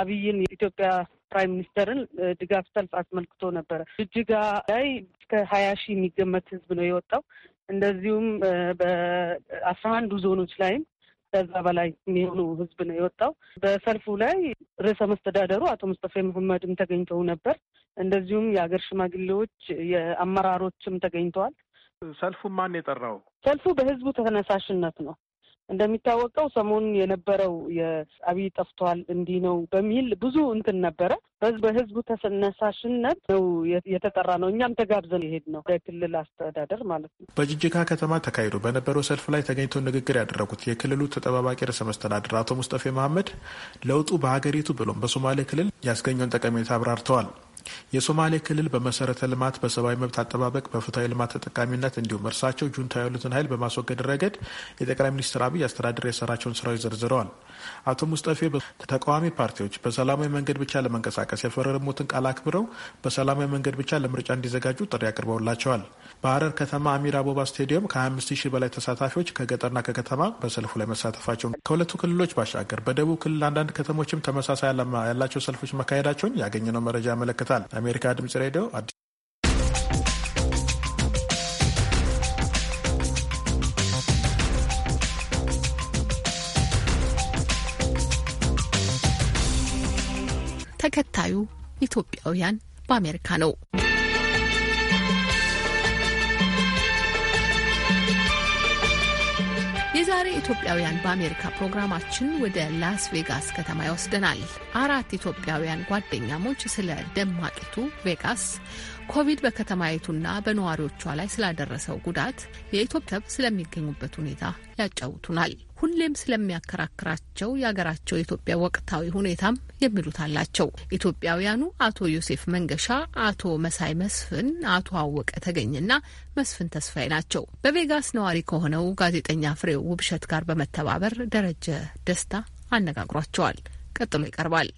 አብይን ኢትዮጵያ ፕራይም ሚኒስተርን ድጋፍ ሰልፍ አስመልክቶ ነበረ። ጅጅጋ ላይ እስከ ሀያ ሺህ የሚገመት ህዝብ ነው የወጣው። እንደዚሁም በአስራ አንዱ ዞኖች ላይም ከዛ በላይ የሚሆኑ ህዝብ ነው የወጣው። በሰልፉ ላይ ርዕሰ መስተዳደሩ አቶ ሙስጠፌ መሐመድም ተገኝተው ነበር። እንደዚሁም የሀገር ሽማግሌዎች የአመራሮችም ተገኝተዋል። ሰልፉ ማን የጠራው? ሰልፉ በህዝቡ ተነሳሽነት ነው። እንደሚታወቀው ሰሞኑን የነበረው የአብይ ጠፍቷል እንዲህ ነው በሚል ብዙ እንትን ነበረ። በህዝቡ ተነሳሽነት ነው የተጠራ ነው። እኛም ተጋብዘን የሄድ ነው የክልል አስተዳደር ማለት ነው። በጅጅጋ ከተማ ተካሂዶ በነበረው ሰልፍ ላይ ተገኝተው ንግግር ያደረጉት የክልሉ ተጠባባቂ ርዕሰ መስተዳድር አቶ ሙስጠፌ መሐመድ ለውጡ በሀገሪቱ ብሎም በሶማሌ ክልል ያስገኘውን ጠቀሜታ አብራርተዋል። የሶማሌ ክልል በመሰረተ ልማት፣ በሰብአዊ መብት አጠባበቅ፣ በፍትሐዊ ልማት ተጠቃሚነት እንዲሁም እርሳቸው ጁንታ ያሉትን ኃይል በማስወገድ ረገድ የጠቅላይ ሚኒስትር አብይ አስተዳደር የሰራቸውን ስራዎች ዘርዝረዋል። አቶ ሙስጠፌ ተቃዋሚ ፓርቲዎች በሰላማዊ መንገድ ብቻ ለመንቀሳቀስ የፈረሙትን ቃል አክብረው በሰላማዊ መንገድ ብቻ ለምርጫ እንዲዘጋጁ ጥሪ አቅርበውላቸዋል። በሀረር ከተማ አሚር አቦባ ስቴዲየም ከ25 ሺህ በላይ ተሳታፊዎች ከገጠርና ከከተማ በሰልፉ ላይ መሳተፋቸውን ከሁለቱ ክልሎች ባሻገር በደቡብ ክልል አንዳንድ ከተሞችም ተመሳሳይ ያላቸው ሰልፎች መካሄዳቸውን ያገኘነው መረጃ ያመለከታል። ይመለከታል። የአሜሪካ ድምጽ ሬዲዮ አዲስ ተከታዩ ኢትዮጵያውያን በአሜሪካ ነው። የዛሬ ኢትዮጵያውያን በአሜሪካ ፕሮግራማችን ወደ ላስ ቬጋስ ከተማ ይወስደናል። አራት ኢትዮጵያውያን ጓደኛሞች ስለ ደማቂቱ ቬጋስ ኮቪድ በከተማይቱና በነዋሪዎቿ ላይ ስላደረሰው ጉዳት፣ የኢትዮጵያ ስለሚገኙበት ሁኔታ ያጫውቱናል። ሁሌም ስለሚያከራክራቸው የሀገራቸው የኢትዮጵያ ወቅታዊ ሁኔታም የሚሉት አላቸው። ኢትዮጵያውያኑ አቶ ዮሴፍ መንገሻ፣ አቶ መሳይ መስፍን፣ አቶ አወቀ ተገኝና መስፍን ተስፋዬ ናቸው። በቬጋስ ነዋሪ ከሆነው ጋዜጠኛ ፍሬው ውብሸት ጋር በመተባበር ደረጀ ደስታ አነጋግሯቸዋል። ቀጥሎ ይቀርባል።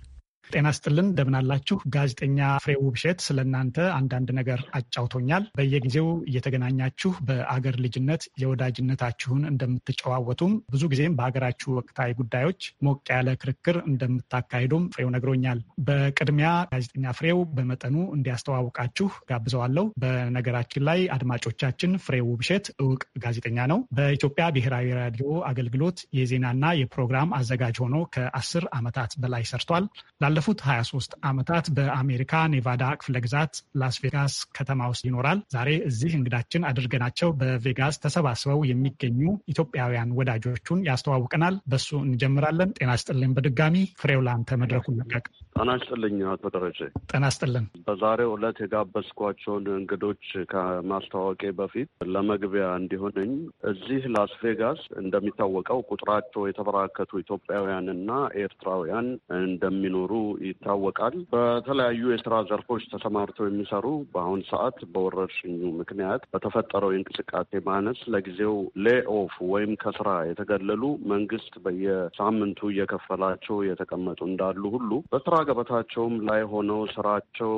ጤና ስጥልን እንደምናላችሁ። ጋዜጠኛ ፍሬው ውብሸት ስለ እናንተ አንዳንድ ነገር አጫውቶኛል። በየጊዜው እየተገናኛችሁ በአገር ልጅነት የወዳጅነታችሁን እንደምትጨዋወቱም ብዙ ጊዜም በሀገራችሁ ወቅታዊ ጉዳዮች ሞቅ ያለ ክርክር እንደምታካሂዱም ፍሬው ነግሮኛል። በቅድሚያ ጋዜጠኛ ፍሬው በመጠኑ እንዲያስተዋውቃችሁ ጋብዘዋለሁ። በነገራችን ላይ አድማጮቻችን ፍሬ ውብሸት እውቅ ጋዜጠኛ ነው። በኢትዮጵያ ብሔራዊ ራዲዮ አገልግሎት የዜናና የፕሮግራም አዘጋጅ ሆኖ ከአስር ዓመታት በላይ ሰርቷል። ላለፉት 23 ዓመታት በአሜሪካ ኔቫዳ ክፍለ ግዛት ላስ ቬጋስ ከተማ ውስጥ ይኖራል። ዛሬ እዚህ እንግዳችን አድርገናቸው በቬጋስ ተሰባስበው የሚገኙ ኢትዮጵያውያን ወዳጆቹን ያስተዋውቀናል። በሱ እንጀምራለን። ጤና ስጥልን። በድጋሚ ፍሬው ለአንተ መድረኩን ለቀቅ። ጤና ይስጥልኝ አቶ ደረጀ። ጤና ይስጥልን። በዛሬው ዕለት የጋበዝኳቸውን እንግዶች ከማስተዋወቄ በፊት ለመግቢያ እንዲሆነኝ እዚህ ላስ ቬጋስ እንደሚታወቀው ቁጥራቸው የተበራከቱ ኢትዮጵያውያንና ኤርትራውያን እንደሚኖሩ ይታወቃል። በተለያዩ የስራ ዘርፎች ተሰማርተው የሚሰሩ በአሁን ሰዓት በወረርሽኙ ምክንያት በተፈጠረው የእንቅስቃሴ ማነስ ለጊዜው ሌኦፍ ወይም ከስራ የተገለሉ መንግስት በየሳምንቱ እየከፈላቸው የተቀመጡ እንዳሉ ሁሉ በስራ ገበታቸውም ላይ ሆነው ስራቸው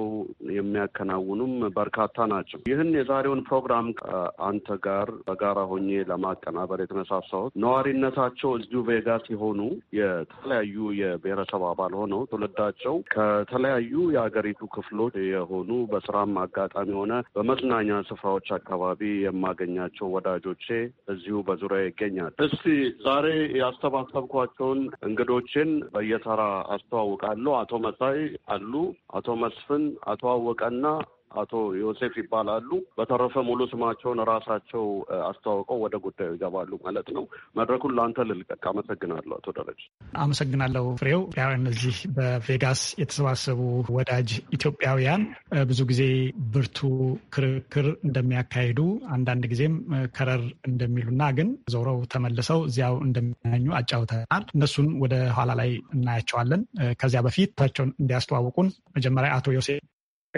የሚያከናውኑም በርካታ ናቸው። ይህን የዛሬውን ፕሮግራም አንተ ጋር በጋራ ሆኜ ለማቀናበር የተነሳሳሁት ነዋሪነታቸው እዚሁ ቬጋ ሲሆኑ የተለያዩ የብሔረሰብ አባል ሆነው ትውልዳቸው ከተለያዩ የሀገሪቱ ክፍሎች የሆኑ በስራም አጋጣሚ ሆነ በመዝናኛ ስፍራዎች አካባቢ የማገኛቸው ወዳጆቼ እዚሁ በዙሪያ ይገኛል። እስቲ ዛሬ ያስተባሰብኳቸውን እንግዶችን በየተራ አስተዋውቃለሁ። አቶ አቶ መሳይ አሉ፣ አቶ መስፍን፣ አቶ አወቀና አቶ ዮሴፍ ይባላሉ። በተረፈ ሙሉ ስማቸውን ራሳቸው አስተዋውቀው ወደ ጉዳዩ ይገባሉ ማለት ነው። መድረኩን ለአንተ ልልቀቅ። አመሰግናለሁ አቶ ደረጀ። አመሰግናለሁ ፍሬው። ያው እነዚህ በቬጋስ የተሰባሰቡ ወዳጅ ኢትዮጵያውያን ብዙ ጊዜ ብርቱ ክርክር እንደሚያካሂዱ አንዳንድ ጊዜም ከረር እንደሚሉና ግን ዞረው ተመልሰው እዚያው እንደሚገናኙ አጫውተናል። እነሱን ወደ ኋላ ላይ እናያቸዋለን። ከዚያ በፊት ታቸውን እንዲያስተዋውቁን መጀመሪያ አቶ ዮሴፍ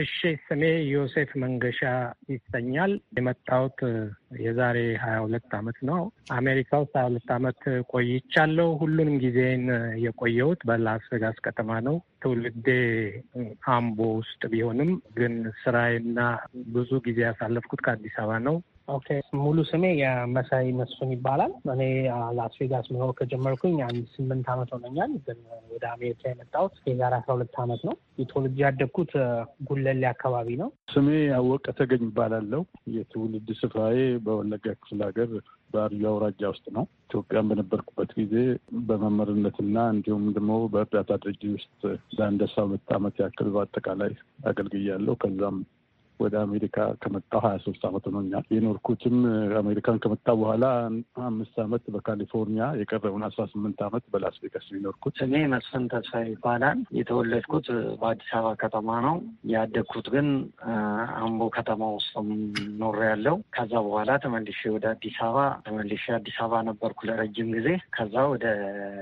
እሺ ስሜ ዮሴፍ መንገሻ ይሰኛል። የመጣሁት የዛሬ ሀያ ሁለት አመት ነው። አሜሪካ ውስጥ ሀያ ሁለት አመት ቆይቻለሁ። ሁሉንም ጊዜን የቆየሁት በላስ ቬጋስ ከተማ ነው። ትውልዴ አምቦ ውስጥ ቢሆንም ግን ስራዬና ብዙ ጊዜ ያሳለፍኩት ከአዲስ አበባ ነው። ኦኬ ሙሉ ስሜ የመሳይ መስፍን ይባላል። እኔ ላስ ቬጋስ መኖር ከጀመርኩኝ አንድ ስምንት አመት ሆነኛል። ግን ወደ አሜሪካ የመጣሁት የዛሬ አስራ ሁለት አመት ነው። የትውልድ ያደግኩት ጉለሌ አካባቢ ነው። ስሜ ያወቀ ተገኝ ይባላለው። የትውልድ ስፍራዬ በወለጋ ክፍለ ሀገር በአርዩ አውራጃ ውስጥ ነው። ኢትዮጵያን በነበርኩበት ጊዜ በመምህርነትና እንዲሁም ደግሞ በእርዳታ ድርጅት ውስጥ ለአንድ አስራ ሁለት አመት ያክል በአጠቃላይ አገልግያለሁ። ከዛም ወደ አሜሪካ ከመጣ ሀያ ሶስት አመት ሆኖኛል። የኖርኩትም አሜሪካን ከመጣ በኋላ አምስት አመት በካሊፎርኒያ የቀረውን አስራ ስምንት አመት በላስ ቬጋስ ነው የኖርኩት። እኔ መስፍን ተስፋ ይባላል። የተወለድኩት በአዲስ አበባ ከተማ ነው። ያደግኩት ግን አምቦ ከተማ ውስጥ ኖር ያለው። ከዛ በኋላ ተመልሼ ወደ አዲስ አበባ ተመልሼ አዲስ አበባ ነበርኩ ለረጅም ጊዜ። ከዛ ወደ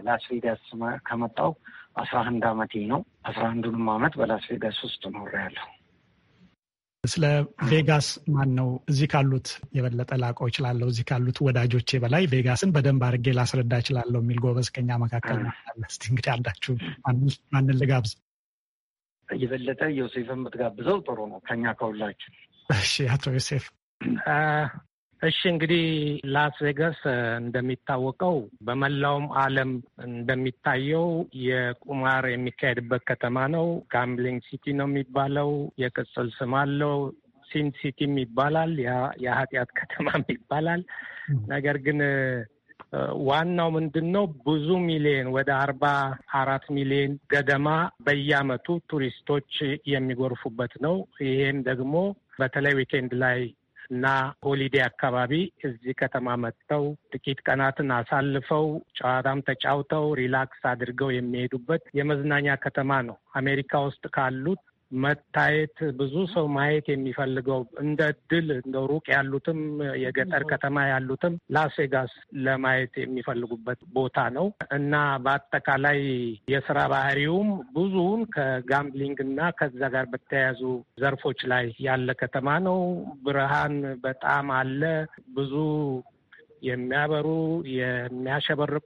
ላስ ቬጋስ ከመጣሁ አስራ አንድ አመቴ ነው። አስራ አንዱንም አመት በላስ ቬጋስ ውስጥ ኖር ያለው ስለ ቬጋስ ማን ነው እዚህ ካሉት የበለጠ ላቀው እችላለሁ፣ እዚህ ካሉት ወዳጆቼ በላይ ቬጋስን በደንብ አድርጌ ላስረዳ እችላለሁ የሚል ጎበዝ ከኛ መካከል ናለ። ስ እንግዲህ አንዳችሁ ማንን ልጋብዝ? የበለጠ ዮሴፍን ብትጋብዘው ጥሩ ነው ከኛ ከሁላችን። እሺ አቶ ዮሴፍ እሺ እንግዲህ ላስ ቬገስ እንደሚታወቀው በመላውም ዓለም እንደሚታየው የቁማር የሚካሄድበት ከተማ ነው። ጋምብሊንግ ሲቲ ነው የሚባለው። የቅጽል ስም አለው። ሲን ሲቲም ይባላል። የኃጢአት ከተማም [LAUGHS] ይባላል። ነገር ግን ዋናው ምንድን ነው? ብዙ ሚሊዮን ወደ አርባ አራት ሚሊዮን ገደማ በየአመቱ ቱሪስቶች የሚጎርፉበት ነው። ይሄም ደግሞ በተለይ ዊኬንድ ላይ እና ሆሊዴ አካባቢ እዚህ ከተማ መጥተው ጥቂት ቀናትን አሳልፈው ጨዋታም ተጫውተው ሪላክስ አድርገው የሚሄዱበት የመዝናኛ ከተማ ነው። አሜሪካ ውስጥ ካሉት መታየት ብዙ ሰው ማየት የሚፈልገው እንደ ድል እንደ ሩቅ ያሉትም የገጠር ከተማ ያሉትም ላስቬጋስ ለማየት የሚፈልጉበት ቦታ ነው እና በአጠቃላይ የስራ ባህሪውም ብዙውን ከጋምብሊንግ እና ከዛ ጋር በተያያዙ ዘርፎች ላይ ያለ ከተማ ነው። ብርሃን በጣም አለ ብዙ የሚያበሩ የሚያሸበርቁ